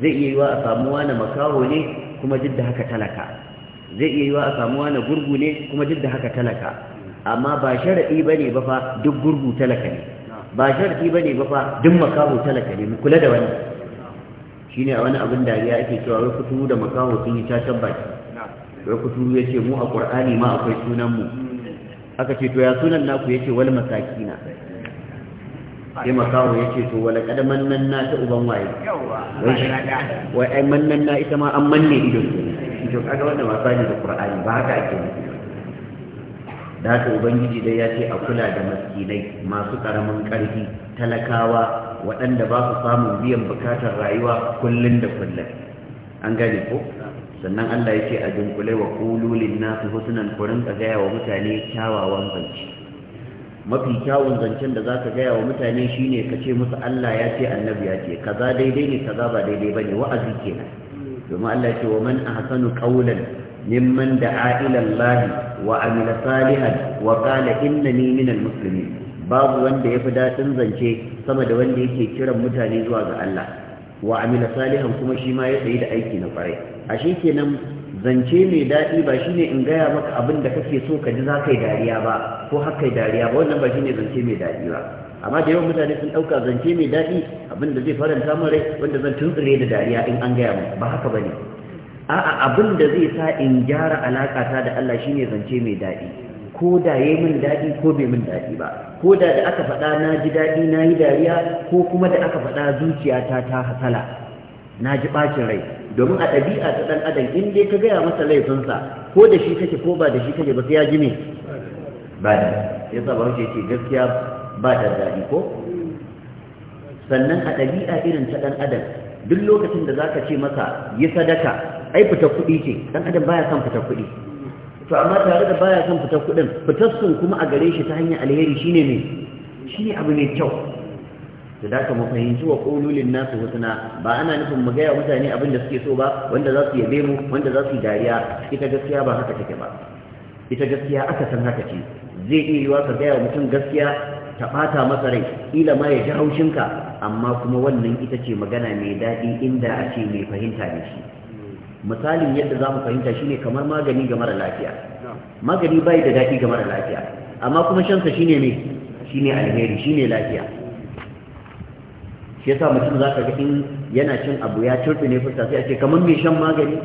Speaker 1: zai iya yiwa a samuwa na makaho ne kuma duk haka talaka zai iya yiwa a samu wani gurgu ne kuma duk da haka talaka amma ba sharaɗi ba ne ba fa duk gurgu talaka ne ba sharaɗi ba ba fa duk makaho talaka ne mu kula da wani shi ne a wani abin da dariya ake cewa wai kutu da makaho sun yi cacan baki wai kuturu ya ce mu a ƙur'ani ma akwai sunan mu aka ce to ya sunan naku ya ce wal masakina sai makawo ya ce to wala kada mannan na ta uban waye wai ai mannan na ita ma an manne ido ke to kaga wannan ba da qur'ani ba haka ake nufi da haka ubangiji dai ya ce a kula da maskinai masu karamin karfi talakawa waɗanda ba su samun biyan bukatar rayuwa kullun da kullun an gane ko sannan Allah ya ce a dunkule wa kululin nasu husnan kurin ka gaya wa mutane kyawawan zance mafi kyawun zancen da zaka gaya wa mutane shine ka ce musu Allah ya ce annabi ya ce kaza daidai ne kaza ba daidai bane wa'azi kenan domin Allah ya ce wa man ahsanu qawlan mimman da'a ila Allah wa amila salihan wa qala innani minal muslimin babu wanda yafi dadin zance sama da wanda yake kiran mutane zuwa ga Allah wa amila salihan kuma shi ma ya sayi da aiki na kwarai ashe kenan zance mai daɗi ba shine in gaya maka abin da kake so ka ji za ka yi dariya ba ko har yi dariya ba wannan ba shine zance mai daɗi ba amma da yawan mutane sun ɗauka zance mai daɗi abin da zai faranta min rai wanda zan tuntsire da dariya in an gaya maka ba haka ba ne a'a abin da zai sa in gyara alaƙa ta da Allah shine zance mai daɗi ko da ya yi min daɗi ko bai min daɗi ba ko da da aka faɗa na ji daɗi na yi dariya ko kuma da aka faɗa zuciyata ta hasala na ji ɓacin rai domin a ɗabi'a ta ɗan adam in dai ka gaya masa laifinsa ko da shi kake ko ba da shi kake ba sai ya ji ne ba da ya sa ba ce gaskiya ba da daɗi ko sannan a ɗabi'a irin ta ɗan adam duk lokacin da za ka ce masa yi sadaka ai fitar kuɗi ce ɗan adam baya son fitar kuɗi to amma tare da baya son fitar kuɗin fitar sun kuma a gare shi ta hanyar alheri shine ne shine abu mai kyau to da ka mu fahimci wa qululin nasu husna ba ana nufin mu gaya mutane abin da suke so ba wanda za su yabe mu wanda za su yi dariya ita gaskiya ba haka take ba ita gaskiya aka san haka ce zai iya yiwa ka gaya mutum gaskiya ta bata masa rai kila ma ya ji ka. amma kuma wannan ita ce magana mai daɗi inda a ce mai fahimta da shi misalin yadda za mu fahimta shine kamar magani ga mara lafiya magani bai da daɗi ga mara lafiya amma kuma shansa shine ne shine alheri shine lafiya shi yasa mutum za ka ga in yana cin abu ya ne fuska sai a kamar mai shan magani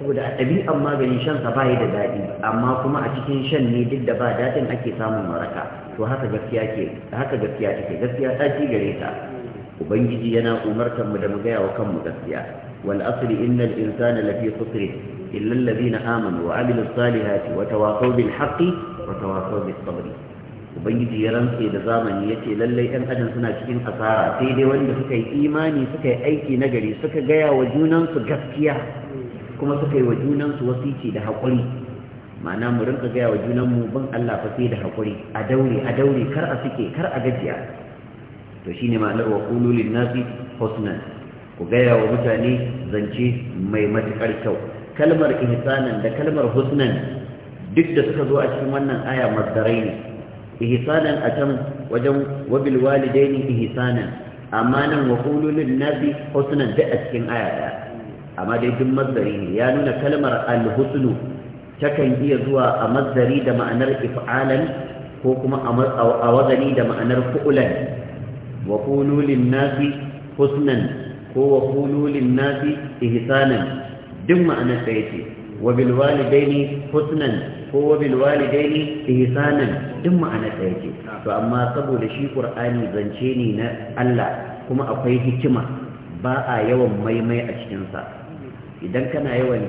Speaker 1: saboda a ɗabi'an magani shan sa bai da daɗi amma kuma a cikin shan ne duk da ba daɗin ake samun waraka to haka gaskiya ke haka gaskiya take gaskiya ta ci gare ta ubangiji yana umartar mu da mu gaya wa kanmu gaskiya wal asri innal insana lafi khusr illa alladhina amanu wa amilus salihati wa tawasaw bil haqqi wa tawasaw bis ubangiji ya rantse da zamani ya ce lallai yan adam suna cikin asara sai dai wanda suka yi imani suka yi aiki nagari suka gaya wa junansu gaskiya kuma suka yi wa junansu wasici da haƙuri ma'ana mu rinka gaya wa junanmu bin Allah fa sai da haƙuri a daure a daure kar a suke kar a gajiya to shine ma'anar wa qulu lin nasi husnan ku gaya wa mutane zance mai matukar kyau kalmar ihsanan da kalmar husnan duk da suka zo a cikin wannan aya masdarai ne ihsanan a can wajen wabil walidaini ihsanan amma nan wa qulu lin nasi husnan da a cikin aya daya amma dai duk mazdari ne ya nuna kalmar al-husnu takan iya zuwa a mazdari da ma'anar if'alan ko kuma a wazani da ma'anar fu'ulan wa qulu lin nasi husnan ko wa qulu lin nasi ihsanan duk ma'anar da yake wa bil walidaini husnan ko wa bil walidaini ihsanan duk ma'ana ta yake to amma saboda shi qur'ani zance ne na Allah kuma akwai hikima ba a yawan maimai a cikin sa idan kana yawan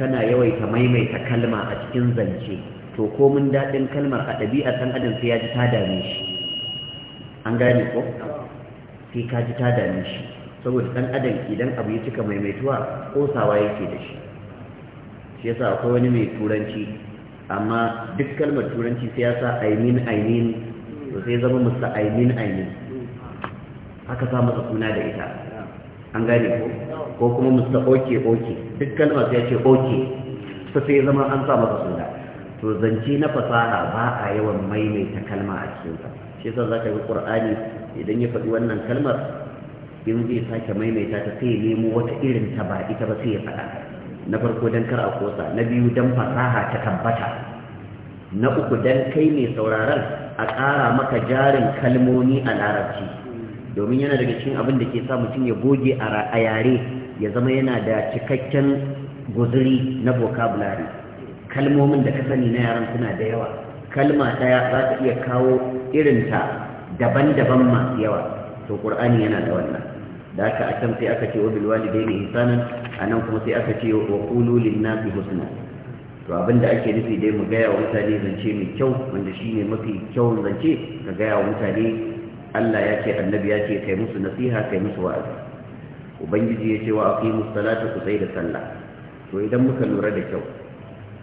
Speaker 1: kana yawaita maimaita kalma a cikin zance to ko mun dadin kalmar a dabi'ar ɗan adam sai ya ji ta dame shi an gane ko sai ka ji ta dame shi saboda ɗan adam idan abu ya cika maimaituwa kosawa yake da shi shi yasa akwai wani mai turanci amma duk kalmar turanci sai ya sa aimin aimin to sai zama musa aimin aimin aka sa masa suna da ita an gane ko ko kuma musa oke oke duk kalmar sai ya ce oke ta sai zama an sa masa suna to zance na fasaha ba a yawan maimaita kalma a cikin sa shi yasa zaka ga qur'ani idan ya faɗi wannan kalmar in zai sake maimaita ta sai ya nemo wata irin ta ba ita ba sai ya faɗa na farko dan kar a kosa na biyu dan fasaha ta tabbata na uku dan kai mai sauraron a ƙara maka jarin kalmomi a larabci domin yana daga cikin abin da ke sa mutum ya goge a yare ya zama yana da cikakken guzuri na vocabulary kalmomin da ka sani na yaran suna da yawa kalma ɗaya za ta iya kawo irinta daban-daban masu yawa to ƙur'ani yana da wannan da aka a can sai aka ce wa bil walidaini a nan kuma sai aka ce wa qulu lin nasi husna to abinda ake nufi dai mu gaya wa mutane zance mai kyau wanda shine mafi kyau zance ka gaya wa mutane Allah ya ce annabi ya ce kai musu nasiha kai musu wa'azi ubangiji ya ce wa aqimus salata ku da sallah to idan muka lura da kyau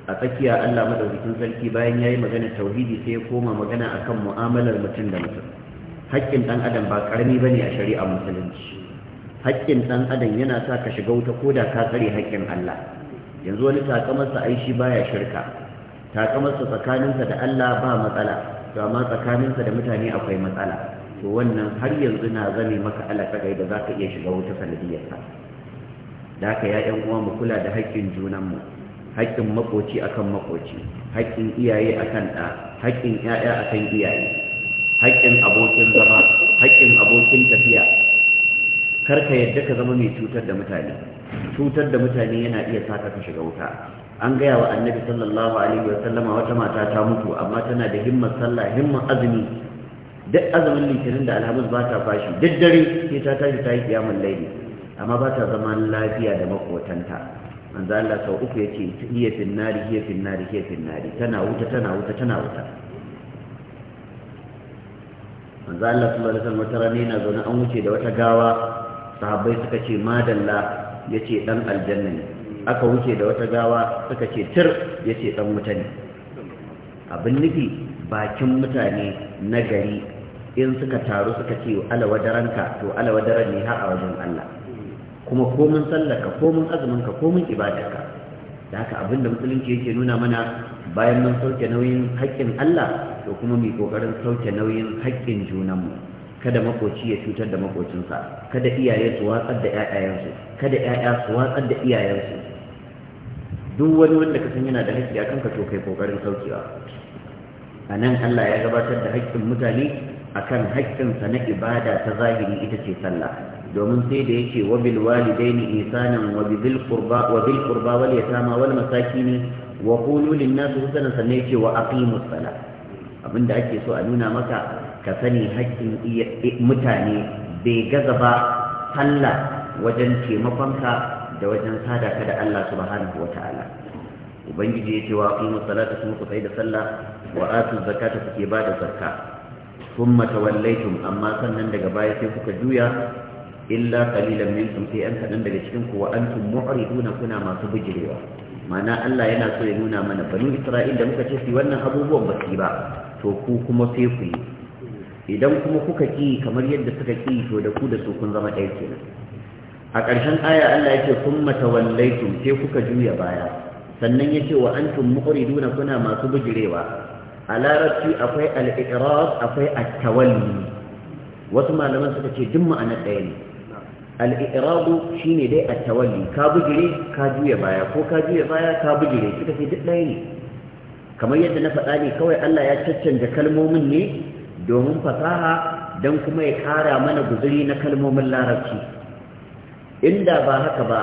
Speaker 1: a tsakiya Allah madaukakin sarki bayan yayi magana tauhidi sai ya koma magana akan mu'amalar mutum da mutum haƙƙin ɗan adam ba ƙarami bane a shari'a musulunci haƙƙin ɗan adam yana sa ka shiga wuta ko da ka tsare haƙƙin Allah yanzu wani takamarsa ai shi baya shirka takamarsa tsakaninsa da Allah ba matsala to amma tsakaninsa da mutane akwai matsala to wannan har yanzu na zame maka alaƙaƙai da za ka iya shiga wuta sanadiyarsa da haka ya uwa mu kula da haƙƙin junanmu haƙƙin makoci akan makoci haƙƙin iyaye akan ɗa haƙƙin ƴaƴa akan iyaye haƙƙin abokin zama haƙƙin abokin tafiya karka yadda ka zama mai cutar da mutane cutar da mutane yana iya sa ka shiga wuta an gaya wa annabi sallallahu alaihi wa sallama wata mata ta mutu amma tana da himmar sallah himmar azumi duk azumin litinin da alhamis ba ta fashi duk dare sai ta tashi ta yi kiyamun laili amma ba ta zama lafiya da makotanta manzo Allah sau uku yace hiya finnari iya hiya fin nari hiya fin tana wuta tana wuta tana wuta manzo Allah sallallahu alaihi wasallam wata rana yana zaune an wuce da wata gawa sahabbai suka ce madalla yace dan aljanna ne aka wuce da wata gawa suka ce tir yace dan wuta ne abin nufi bakin mutane na gari in suka taru suka ce alawadaranka to daren ne ha a wajen Allah kuma komin sallaka komin azuminka komin ibadarka da haka abin da musulunci yake nuna mana bayan mun sauke nauyin haƙƙin Allah to kuma mu ƙoƙarin sauke nauyin haƙƙin junanmu kada makoci ya cutar da makocinsa kada iyaye su watsar da ƴaƴayensu kada ƴaƴa su watsar da iyayensu duk wani wanda ka san yana da haƙƙi akan ka to kai kokarin saukewa a nan Allah ya gabatar da haƙƙin mutane akan haƙƙinsa na ibada ta zahiri ita ce sallah domin sai da yake wa bil walidaini ihsanan wa bil qurba wa bil qurba wal yatama wal masakin wa qulu lin nasi husana sanne yake wa aqimus salah abinda ake so a nuna maka ka sani haƙƙin eh, mutane bai gaza ba sallah wajen taimakonka da wajen sada ka da Allah subhanahu wata'ala ubangiji ya ce wa kuma salata kuma ku da sallah wa atu zakata kuke ba da zakka thumma wallaitun. amma sannan daga baya sai kuka juya illa qalilan minkum sai an kadan daga cikin ku wa antum mu'riduna kuna masu bijirewa ma'ana Allah yana so ya nuna mana banu Isra'il da muka ce su wannan abubuwan ba su ba to ku kuma sai ku yi idan kuma kuka ƙi, kamar yadda suka ki to da ku da su kun zama ɗaya kenan a ƙarshen aya Allah kun mata tawallaitum sai kuka juya baya sannan yace wa antum muqriduna kuna masu bijirewa a larabci akwai al akwai at-tawalli wasu malaman suka ce duk ma'anar ɗaya ne al shine dai at-tawalli ka bijire ka juya baya ko ka juya baya ka bijire suka ce duk ɗaya ne kamar yadda na faɗa ne kawai Allah ya caccanja kalmomin ne domin fasaha don kuma ya kara mana guzuri na kalmomin larabci inda ba haka ba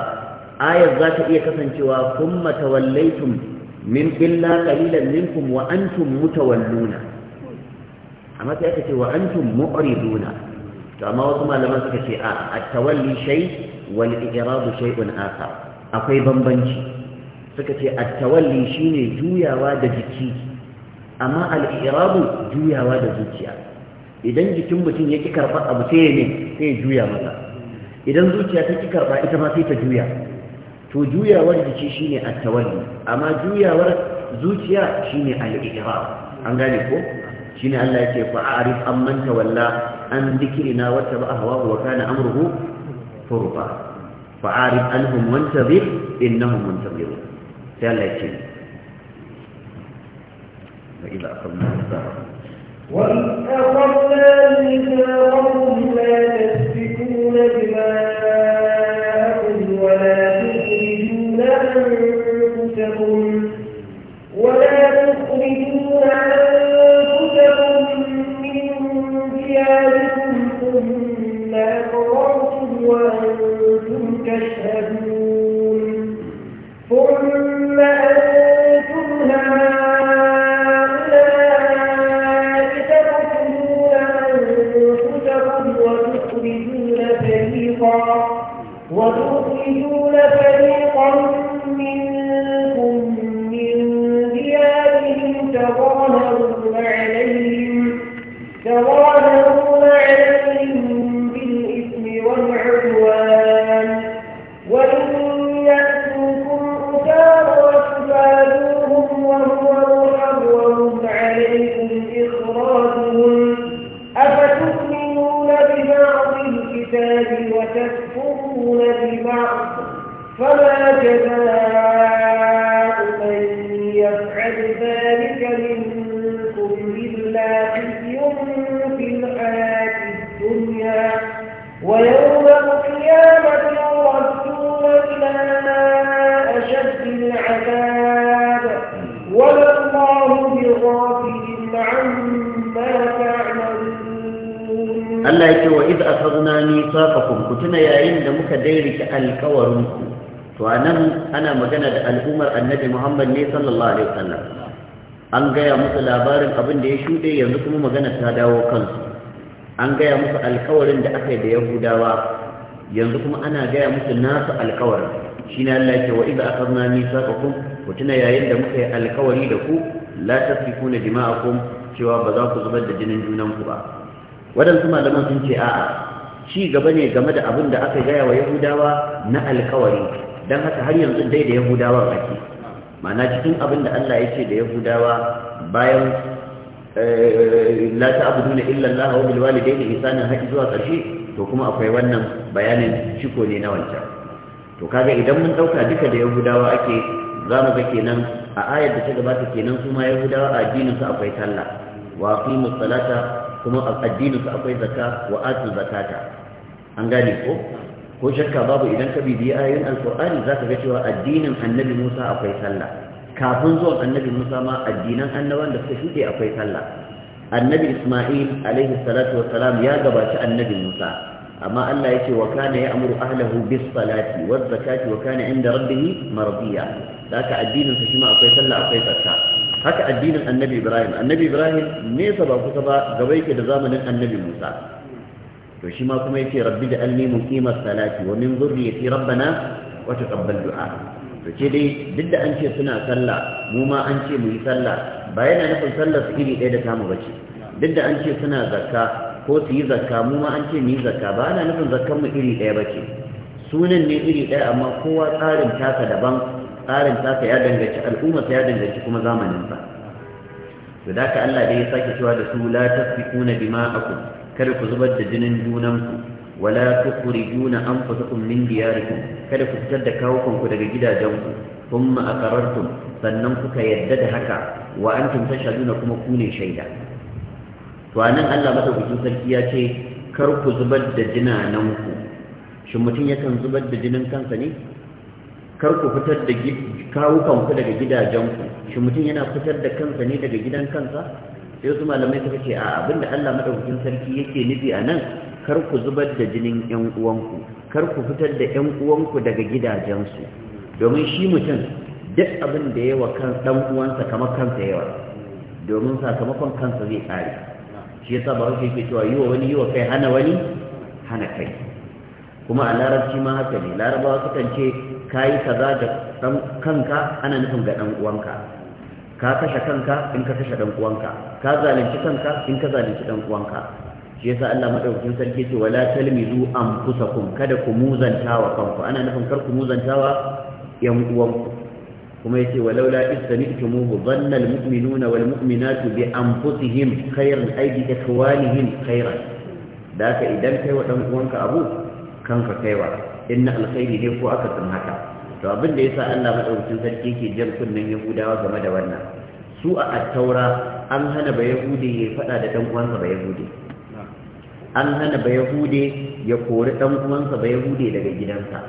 Speaker 1: ayar za ta iya kasancewa kun matawallaitum min illa qalilan minkum wa antum mutawalluna amma sai aka ce wa antum mu'riduna to amma wasu malaman suka ce a at-tawalli shay wal i'radu shay'un akhar akwai bambanci suka ce at-tawalli shine juyawa da jiki amma al'irabu juyawa da zuciya idan jikin mutum ya ki karɓar abu sai ya ne sai ya juya masa idan zuciya ta ki karɓa ita ma sai ta juya to juyawar jiki shine at-tawalli amma juyawar zuciya shine al-i'rab an gane ko shi ne Allah ce fa a'rif manta walla an na dhikrina wa taba'a hawahu wa kana amruhu furba fa a'rif anhum wantazir innahum muntazirun sai Allah yake وإذا أخذنا ميثاقهم
Speaker 2: وإذ
Speaker 3: أخذنا ميثاقهم بصراطهم
Speaker 2: عما تعملون الله يقول
Speaker 1: وإذ أخذنا yayin da muka عند مكديرك ku. to a nan ana magana da al'ummar annabi muhammad ne sallallahu alaihi wasallam an gaya musu labarin abin da ya shuɗe yanzu kuma magana ta dawo kansu an gaya musu alkawarin da aka yi da yahudawa yanzu kuma ana gaya musu nasu alkawarin shi ne allah ke wa iza akhadna mithaqakum ku tuna yayin da muka yi alkawari da ku la tasrifuna dima'akum cewa ba za ku zubar da jinin junan ku ba waɗansu malaman sun ce a'a ci gaba ne game da abin da aka gaya wa yahudawa na alkawari dan haka har yanzu dai da yahudawa ake mana cikin abin da Allah ya ce da yahudawa bayan eh, la ta'buduna illa Allah wa bil walidayni ihsana haƙi zuwa ƙarshe to kuma akwai wannan bayanin ciko ne na wancan to kaga idan mun dauka duka da yahudawa ake za mu ga kenan a ayar da ta gabata kenan su ma yahudawa a addinin su akwai sallah wa aqimus salata kuma a addinin su akwai zakka wa atu zakata an gane ko ko shakka babu idan ka bibiyi ayoyin alqur'ani zaka ga cewa addinin annabi Musa akwai sallah kafin zuwan annabi Musa ma addinan annaban da suka shuɗe akwai sallah annabi Isma'il alaihi salatu salam ya gabaci annabi Musa amma Allah yake wa kana ya'muru ahlahu bis salati waz zakati wa kana inda rabbi mardiya haka addinin sa shi ma akwai sallah akwai zakka haka addinin annabi Ibrahim annabi Ibrahim nesa ba kusa ba gaba yake da zamanin annabi Musa to shi ma kuma yake rabbi da alni muqimas salati wa min dhurriyyati rabbana wa taqabbal du'a to ce dai duk da an ce suna sallah mu ma an ce mu yi sallah ba yana nufin sallar su iri ɗaya da tamu bace duk da an ce suna zakka ko su yi zakka mu ma an ce mu yi zakka ba ana nufin zakkan mu iri ɗaya bace sunan ne iri ɗaya amma kowa tsarin tasa daban tsarin tasa ya danganci al'umma ya danganci kuma zamanin sa to da ka Allah dai ya sake cewa da su la tasfikuna dima'akum kada ku zubar da jinin junanku wala tukhrijuna anfusakum min diyarikum kada ku fitar da kawukan ku daga gidajenku thumma aqarrartum sannan kuka yadda da haka wa antum tashhaduna kuma ku ne shaida to anan Allah madaukakin sarki ya ce kar ku zubar da jinanan ku shin mutum yakan zubar da jinin kansa ne kar ku fitar da kawo kanku daga gidajen ku shin mutum yana fitar da kansa ne daga gidan kansa sai su malamai suka ce a abinda Allah madaukakin sarki yake nufi anan kar ku zubar da jinin ƴan uwanku kar ku fitar da ƴan uwanku daga gidajensu domin shi mutum duk abin da yawa kan dan uwansa kamar kansa yawa domin sakamakon kansa zai kare shi yasa ba hausa yake cewa yi wa wani yi wa kai hana wani hana kai kuma a larabci ma haka ne larabawa sukan ce ka yi kaza da ɗan kanka ana nufin ga ɗan uwanka ka kashe kanka in ka kashe ɗan uwanka ka zalunci kanka in ka zalunci ɗan uwanka shi yasa Allah madaukakin sarki ce wala talmizu anfusakum kada ku muzantawa wa kanku ana nufin kar ku muzantawa wa yan uwanku kuma yace walaula in sami'tumuhu dhanna almu'minuna walmu'minatu bi anfusihim khayran ay bi ikhwanihim khayran da ka idan kai wa dan uwanka abu kanka kaiwa inna alkhairi ne ko aka san haka to abin da yasa Allah madaukakin sarki ke jan kunnen Yahudawa game da wannan su a attaura an hana ba Yahudi ya fada da dan uwansa ba Yahudi an hana ba Yahudi ya kori dan uwansa ba Yahudi daga gidansa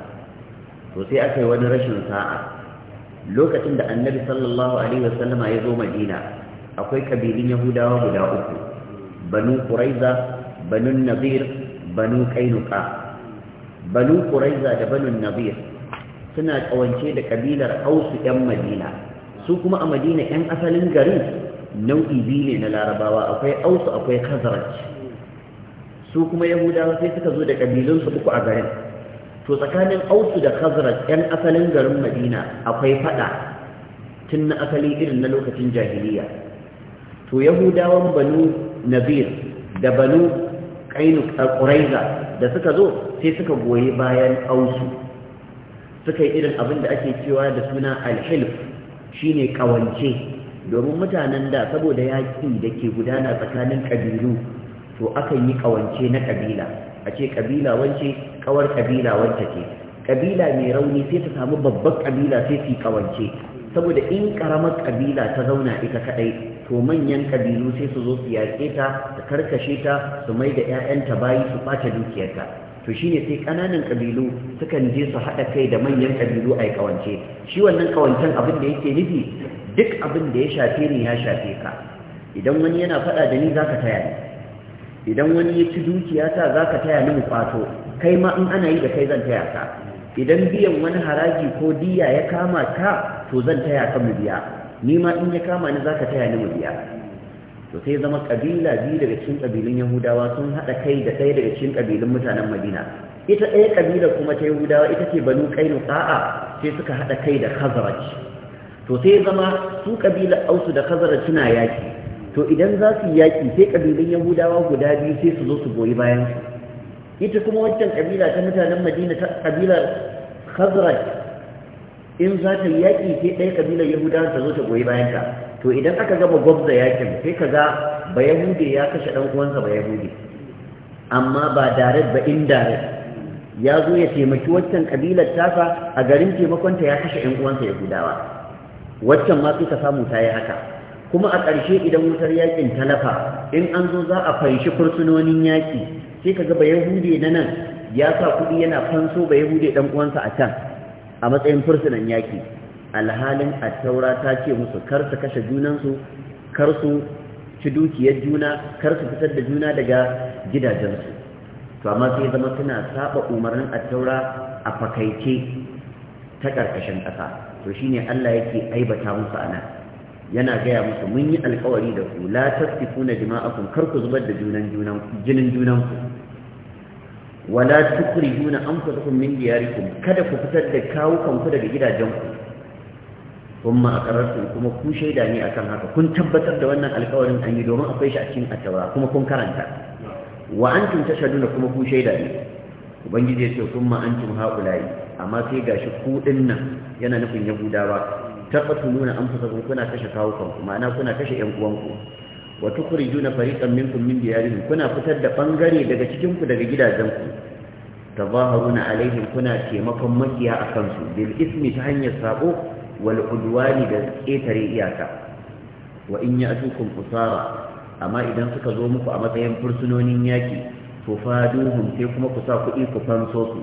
Speaker 1: to sai aka yi wani rashin sa'a lokacin da annabi sallallahu alaihi wasallama ya zo madina akwai kabilin yahudawa guda uku banu quraiza banu nadir banu kainuka banu quraiza da banu nadir suna kawance da kabilar ausu yan madina su kuma a madina yan asalin gari nau'i biyu ne na larabawa akwai ausu akwai khazraj su kuma yahudawa sai suka zo da ƙabilunsu uku a garin to tsakanin ausu da khazraj yan asalin garin madina akwai fada tun na asali irin na lokacin jahiliya to yahudawan banu nabir da banu ƙuraiza da suka zo sai suka goyi bayan ausu suka yi irin abin da ake cewa da suna alhilf shine kawance domin mutanen da saboda yaƙi da ke gudana tsakanin ƙabilu to akan yi ƙawance na ƙabila a ce ƙabila wance kawar ƙabila wacce ce kabila mai rauni sai ta samu babban kabila sai su kawance saboda in karamar kabila ta zauna ita kaɗai, to manyan kabilu sai su zo su yaƙe ta su karkashe ta su mai da 'ya'yanta bayi su ɓata dukiyarta to shine sai ƙananan kabilu sukan je su haɗa kai da manyan kabilu a yi kawance shi wannan kawancen abin da yake nufi duk abin da ya shafe ni ya shafe ka idan wani yana faɗa da ni zaka taya ni idan wani ya ci dukiyata ta zaka taya ni mu ɓato? kai ma in ana yi da kai zan taya ka idan biyan wani haraji ko diya ya kama ka to zan taya ka mu biya ni ma in ya kama ni zaka taya ni mu biya to sai zama kabila biyu daga cikin kabilun yahudawa sun hada kai da ɗaya daga cikin kabilun mutanen madina ita ɗaya kabila kuma ta yahudawa ita ce banu qainuqa'a sai suka hada kai da khazraj to sai zama su kabila ausu da khazraj suna yaki to idan za su yaki sai kabilun yahudawa guda biyu sai su zo su goyi bayan su ita kuma wancan kabila ta mutanen madina ta kabilar khazraj in za ta yi yaƙi sai ɗaya kabilar yahudawa ta zo ta goyi bayan to idan aka gama gwabza yakin sai ka ga ba yahude ya kashe ɗan uwansa ba yahude amma ba direct ba indirect ya zo ya taimaki waccan kabilar tasa a garin taimakonta ya kashe ‘yan uwansa ya gudawa waccan ma ka samu ta yi haka kuma a ƙarshe idan wutar yakin talafa in an zo za a fanshi fursunonin yaƙi sai ga ba yahude na nan ya sa kuɗi yana fanso ba yahude ɗan uwansa a can a matsayin fursunan yaki alhalin attaura ta ce musu kar su kashe junansu kar su ci dukiyar juna kar su fitar da juna daga gidajensu to amma sai zama suna saba umarnin attaura a fakaice ta ƙarƙashin ƙasa to shine Allah yake aibata musu a nan. yana gaya musu mun yi alkawari da ku la tasfifuna dima'akum kar ku zubar da junan junan jinin junan ku wala tukhrijuna anfusakum min diyarikum kada ku fitar da kawukanku ku daga gidajen ku kuma aqarrartum kuma ku shaida ne akan haka kun tabbatar da wannan alkawarin an yi domin akwai shi a cikin attawa kuma kun karanta wa antum tashhaduna kuma ku shaida ne ubangiji ya ce kuma antum haula'i amma sai gashi kuɗin nan yana nufin yahudawa taqtuluna anfusakum kuna kashe kawukan ma'ana kuna kashe yan uwanku wa tukhrijuna fariqan minkum min diyarihim kuna fitar da bangare daga cikin ku daga gidajenku tazaharuna alaihim kuna taimakon makiya a kansu, bil ismi ta hanyar sabo wal udwani da ƙetare iyaka wa in ya'tukum usara amma idan suka zo muku a matsayin fursunonin yaki to faduhum sai kuma ku sa kuɗi ku fanso su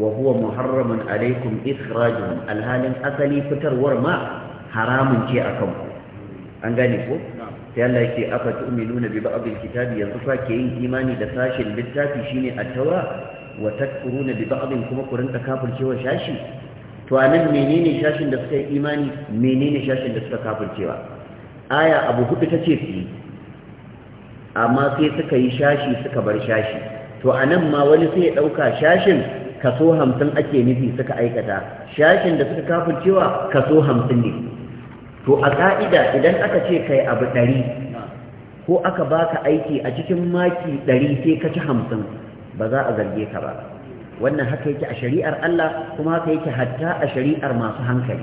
Speaker 1: wa huwa muharramun alaikum ikhrajun alhalin asali fitarwar ma haramun ce akan ku an gane ko sai Allah yake aka tu'minuna bi ba'd alkitabi yanzu fa ke yin imani da sashin littafi shine at-taura wa takfuruna bi ba'd kuma ku rinka kafircewa shashi to anan menene shashin da suka yi imani menene shashin da suka kafircewa aya abu hudu tace fi amma sai suka yi shashi suka bar shashi to anan ma wani sai ya dauka shashin kaso hamsin ake nufi suka aikata shashin da suka cewa kaso hamsin ne to a ƙa'ida idan aka ce kai abu ɗari ko aka baka aiki a cikin maki ɗari sai ka ci hamsin ba za a zarge ka ba wannan haka yake a shari'ar Allah kuma haka yake hatta a shari'ar masu hankali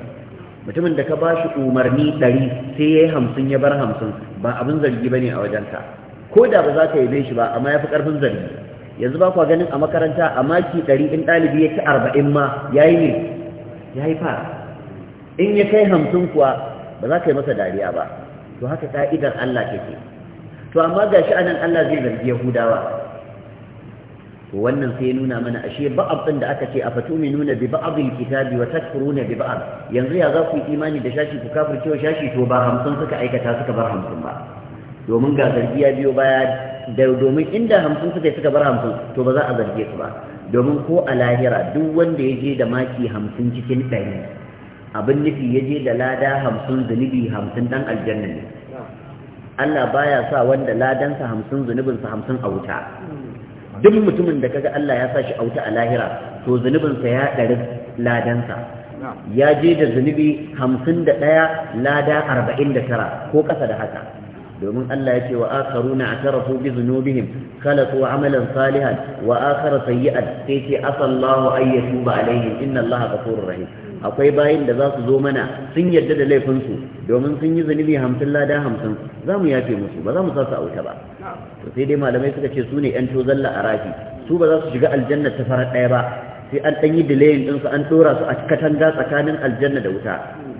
Speaker 1: mutumin da ka ba shi umarni ɗari sai ya yi hamsin ya bar hamsin ba abin zargi ba ne a wajenka ko da ba za ka yabe shi ba amma ya fi ƙarfin zargi yanzu ba kwa ganin a makaranta a maki ɗari in ɗalibi ya ci arba'in ma ya yi ne ya yi fara in ya kai hamsin kuwa ba za ka yi masa dariya ba to haka ka'idar Allah ce to amma ga shi anan Allah zai zargi Yahudawa to wannan sai nuna mana ashe ba'ab din da aka ce a fatumi nuna bi ba'abil kitabi wa takfuruna bi ba'ab yanzu ya za ku yi imani da shashi ku kafirce shashi to ba hamsin suka aikata suka bar hamsin ba domin ga zargi ya biyo baya domin inda hamsin suka yi suka bar hamsin to ba za a zarge su ba domin ko a lahira duk wanda ya je da maki hamsin cikin ɗari abin nufi ya je da lada hamsin zunubi hamsin ɗan aljanna ne Allah baya sa wanda ladansa hamsin zunubinsa hamsin a wuta duk mutumin da kaga Allah ya sa shi a wuta a lahira to zunubinsa ya ɗari ladansa ya je da zunubi hamsin da ɗaya lada arba'in da tara ko ƙasa da haka domin Allah ya ce wa akharuna atarafu bi dhunubihim khalaqu amalan salihan wa akhara sayyi'an sai ce asallahu ayyatu ba alaihim inna Allaha ghafurur rahim akwai bayin da za su zo mana sun yarda da laifin su domin sun yi zunubi hamsin lada hamsin za mu yafe musu ba za mu sa su auta ba to sai dai malamai suka ce su ne yan tozalla a rafi su ba za su shiga aljanna ta farar ɗaya ba sai an ɗan yi delayin ɗinsu an ɗora su a katanga tsakanin aljanna da wuta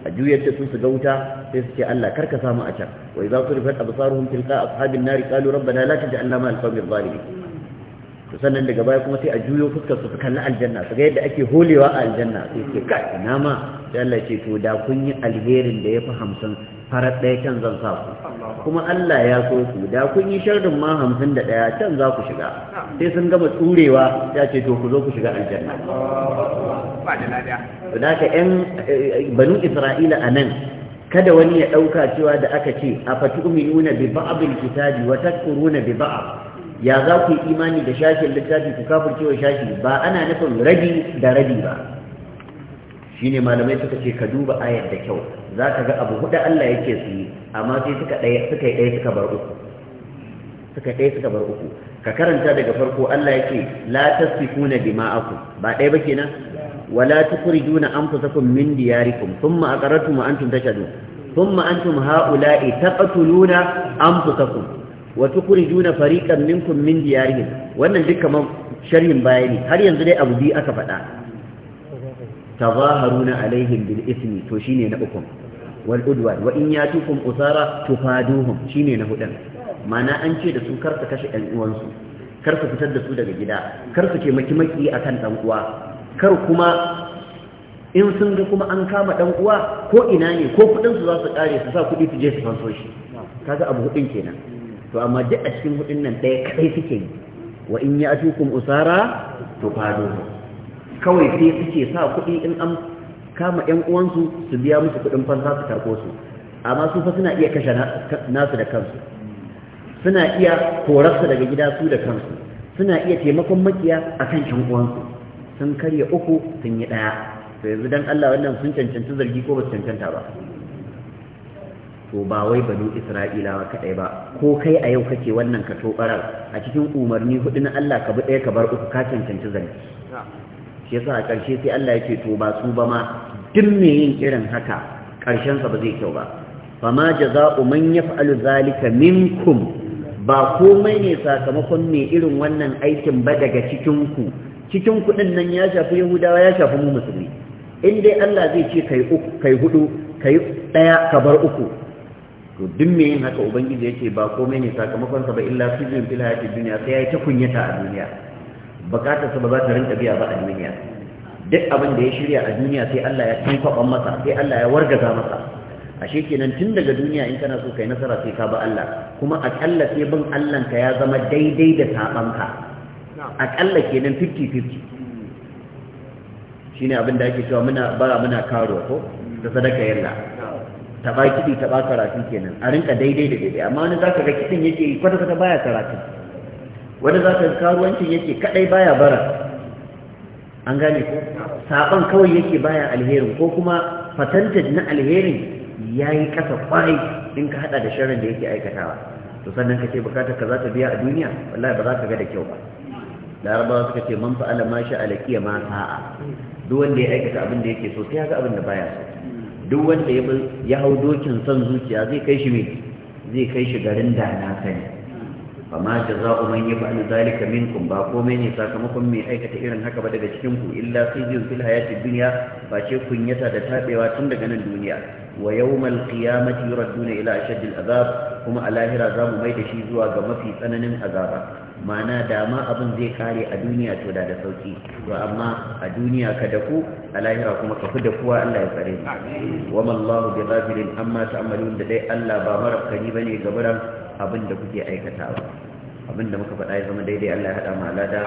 Speaker 1: a juyar da su su ga wuta sai su ce Allah karka samu a can wa idza surifat absaruhum tilqa ashabin nari qalu rabbana la taj'alna ma'al qawmi adh-dhalimin to sannan daga baya kuma sai a juyo fuskar su kalli aljanna su ga yadda ake holewa a aljanna sai ce ka ina ma sai Allah ce to da kun yi alherin da ya fi hamsin farat ɗaya can zan sa ku kuma Allah ya so ku da kun yi sharrin ma hamsin da ɗaya can za ku shiga sai sun gama turewa ya ce to ku zo ku shiga aljanna to da ka yan eh, banu Isra'ila a nan kada wani ya ɗauka cewa da aka ce a fatu uminuna bi ba'abin kitabi wa takfuruna bi ba'ab ya za ku yi imani da shashin littafi ku kafirce wa shashi ba ana nufin rabi da rabi ba Shi ne malamai suka ce ka duba ayar da kyau za ka ga abu hudu Allah ya yake su yi amma sai suka ɗaya suka yi ɗaya suka bar uku suka ɗaya suka bar uku ka karanta daga farko Allah ya yake la tasfikuna dima'akum ba ɗaya ba kenan wala tukhrijuna anfusakum min diyarikum thumma aqarrtum wa antum tashhadun thumma antum ha'ula'i taqtuluna anfusakum wa juna fariqan minkum min diyarihim wannan duk kaman sharhin bayani har yanzu dai abu biyu aka faɗa tazaharuna alaihim bil ismi to shine na uku wal udwan wa in yatukum usara tufaduhum shine na hudan mana an ce da su kar kashe ɗan uwansu kar su fitar da su daga gida kar su ce maki maki akan ɗan uwa kar kuma in sun ga kuma an kama ɗan uwa ko ina ne ko kuɗinsu za su ƙare su sa kuɗi su je su fanso shi kaga abu hudin kenan to amma duk a cikin hudun nan ɗaya kaɗai suke yi wa in ya tukun usara to fado kawai sai suke sa kuɗi in an kama ƴan uwansu su biya musu kuɗin fansa su karɓo su amma su fa suna iya kashe nasu da kansu suna iya korarsa daga gida su da kansu suna iya taimakon makiya a kan ƴan uwansu sun karya uku sun yi ɗaya to yanzu don Allah wannan sun cancanci zargi ko ba su cancanta ba to ba wai banu isra'ilawa kaɗai ba ko kai a yau kake wannan ka tobarar a cikin umarni hudu na Allah ka bi ɗaya ka bar uku ka cancanci zanci shi yasa a ƙarshe sai Allah ya ce to ba su ba ma duk me yin irin haka ƙarshen sa ba zai kyau ba fama jaza'u man yaf'alu zalika minkum ba komai ne sakamakon me irin wannan aikin ba daga cikin ku cikin kuɗin nan ya shafi yahudawa ya shafi mu musulmi in dai Allah zai ce kai uku kai hudu kai ɗaya ka bar uku to duk me yin haka ubangiji yake ba komai ne sakamakon sa ba illa fijin fil hayati dunya sai yayi ta kunyata a duniya bukatar sa ba za ta rinka biya ba a duniya duk abin da ya shirya a duniya sai Allah ya tankwaba masa sai Allah ya wargaza masa ashe kenan tun daga duniya in kana so kai nasara sai ka ba Allah kuma kalla sai bin Allah ka ya zama daidai da sabanka kalla kenan 50-50 shine abin da ake cewa muna ba muna karo ko da sadaka yalla taba kiɗi taba karatu kenan a rinka daidai da daidai amma wani zaka ga kiɗin yake kwata kwata baya karatu wani zaka ga karuwancin yake kadai baya bara an gane ko saban kawai yake baya alherin ko kuma patented na alherin yayi kasa kwai in ka hada da sharrin da yake aikatawa to sannan ka ce bukatar ka za ta biya a duniya wallahi ba za ka ga da kyau ba larabawa suka ce man fa'ala ma sha ma sa'a duk wanda ya aikata abin da yake so sai ya ga abin da baya so duk wanda ya hau dokin son zuciya zai kai shi me zai kai shi garin da na sani fama jaza'u man yaf'alu zalika minkum ba komai ne sakamakon mai aikata irin haka ba daga cikin ku illa khizyun fil hayati duniya, ba ce kunyata da tabewa tun daga nan duniya wa kiyamati qiyamati yuraduna ila ashaddi azab kuma a lahira za mu mai da shi zuwa ga mafi tsananin azaba ma'ana da ma abin zai kare a duniya to da da sauki to amma a duniya ka dafu a lahira kuma ka fi dafuwa Allah ya tsare ni wa mallahu bi ghafirin amma ta'malun da dai Allah ba kani bane ga buran abin da kuke aikatawa abin da muka faɗa ya zama daidai Allah ya haɗa mu alada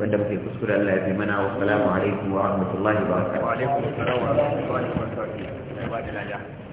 Speaker 1: wanda muke kuskure Allah ya zama na wa salamu alaikum wa rahmatullahi wa barakatuh wa alaikum
Speaker 2: assalam wa rahmatullahi wa barakatuh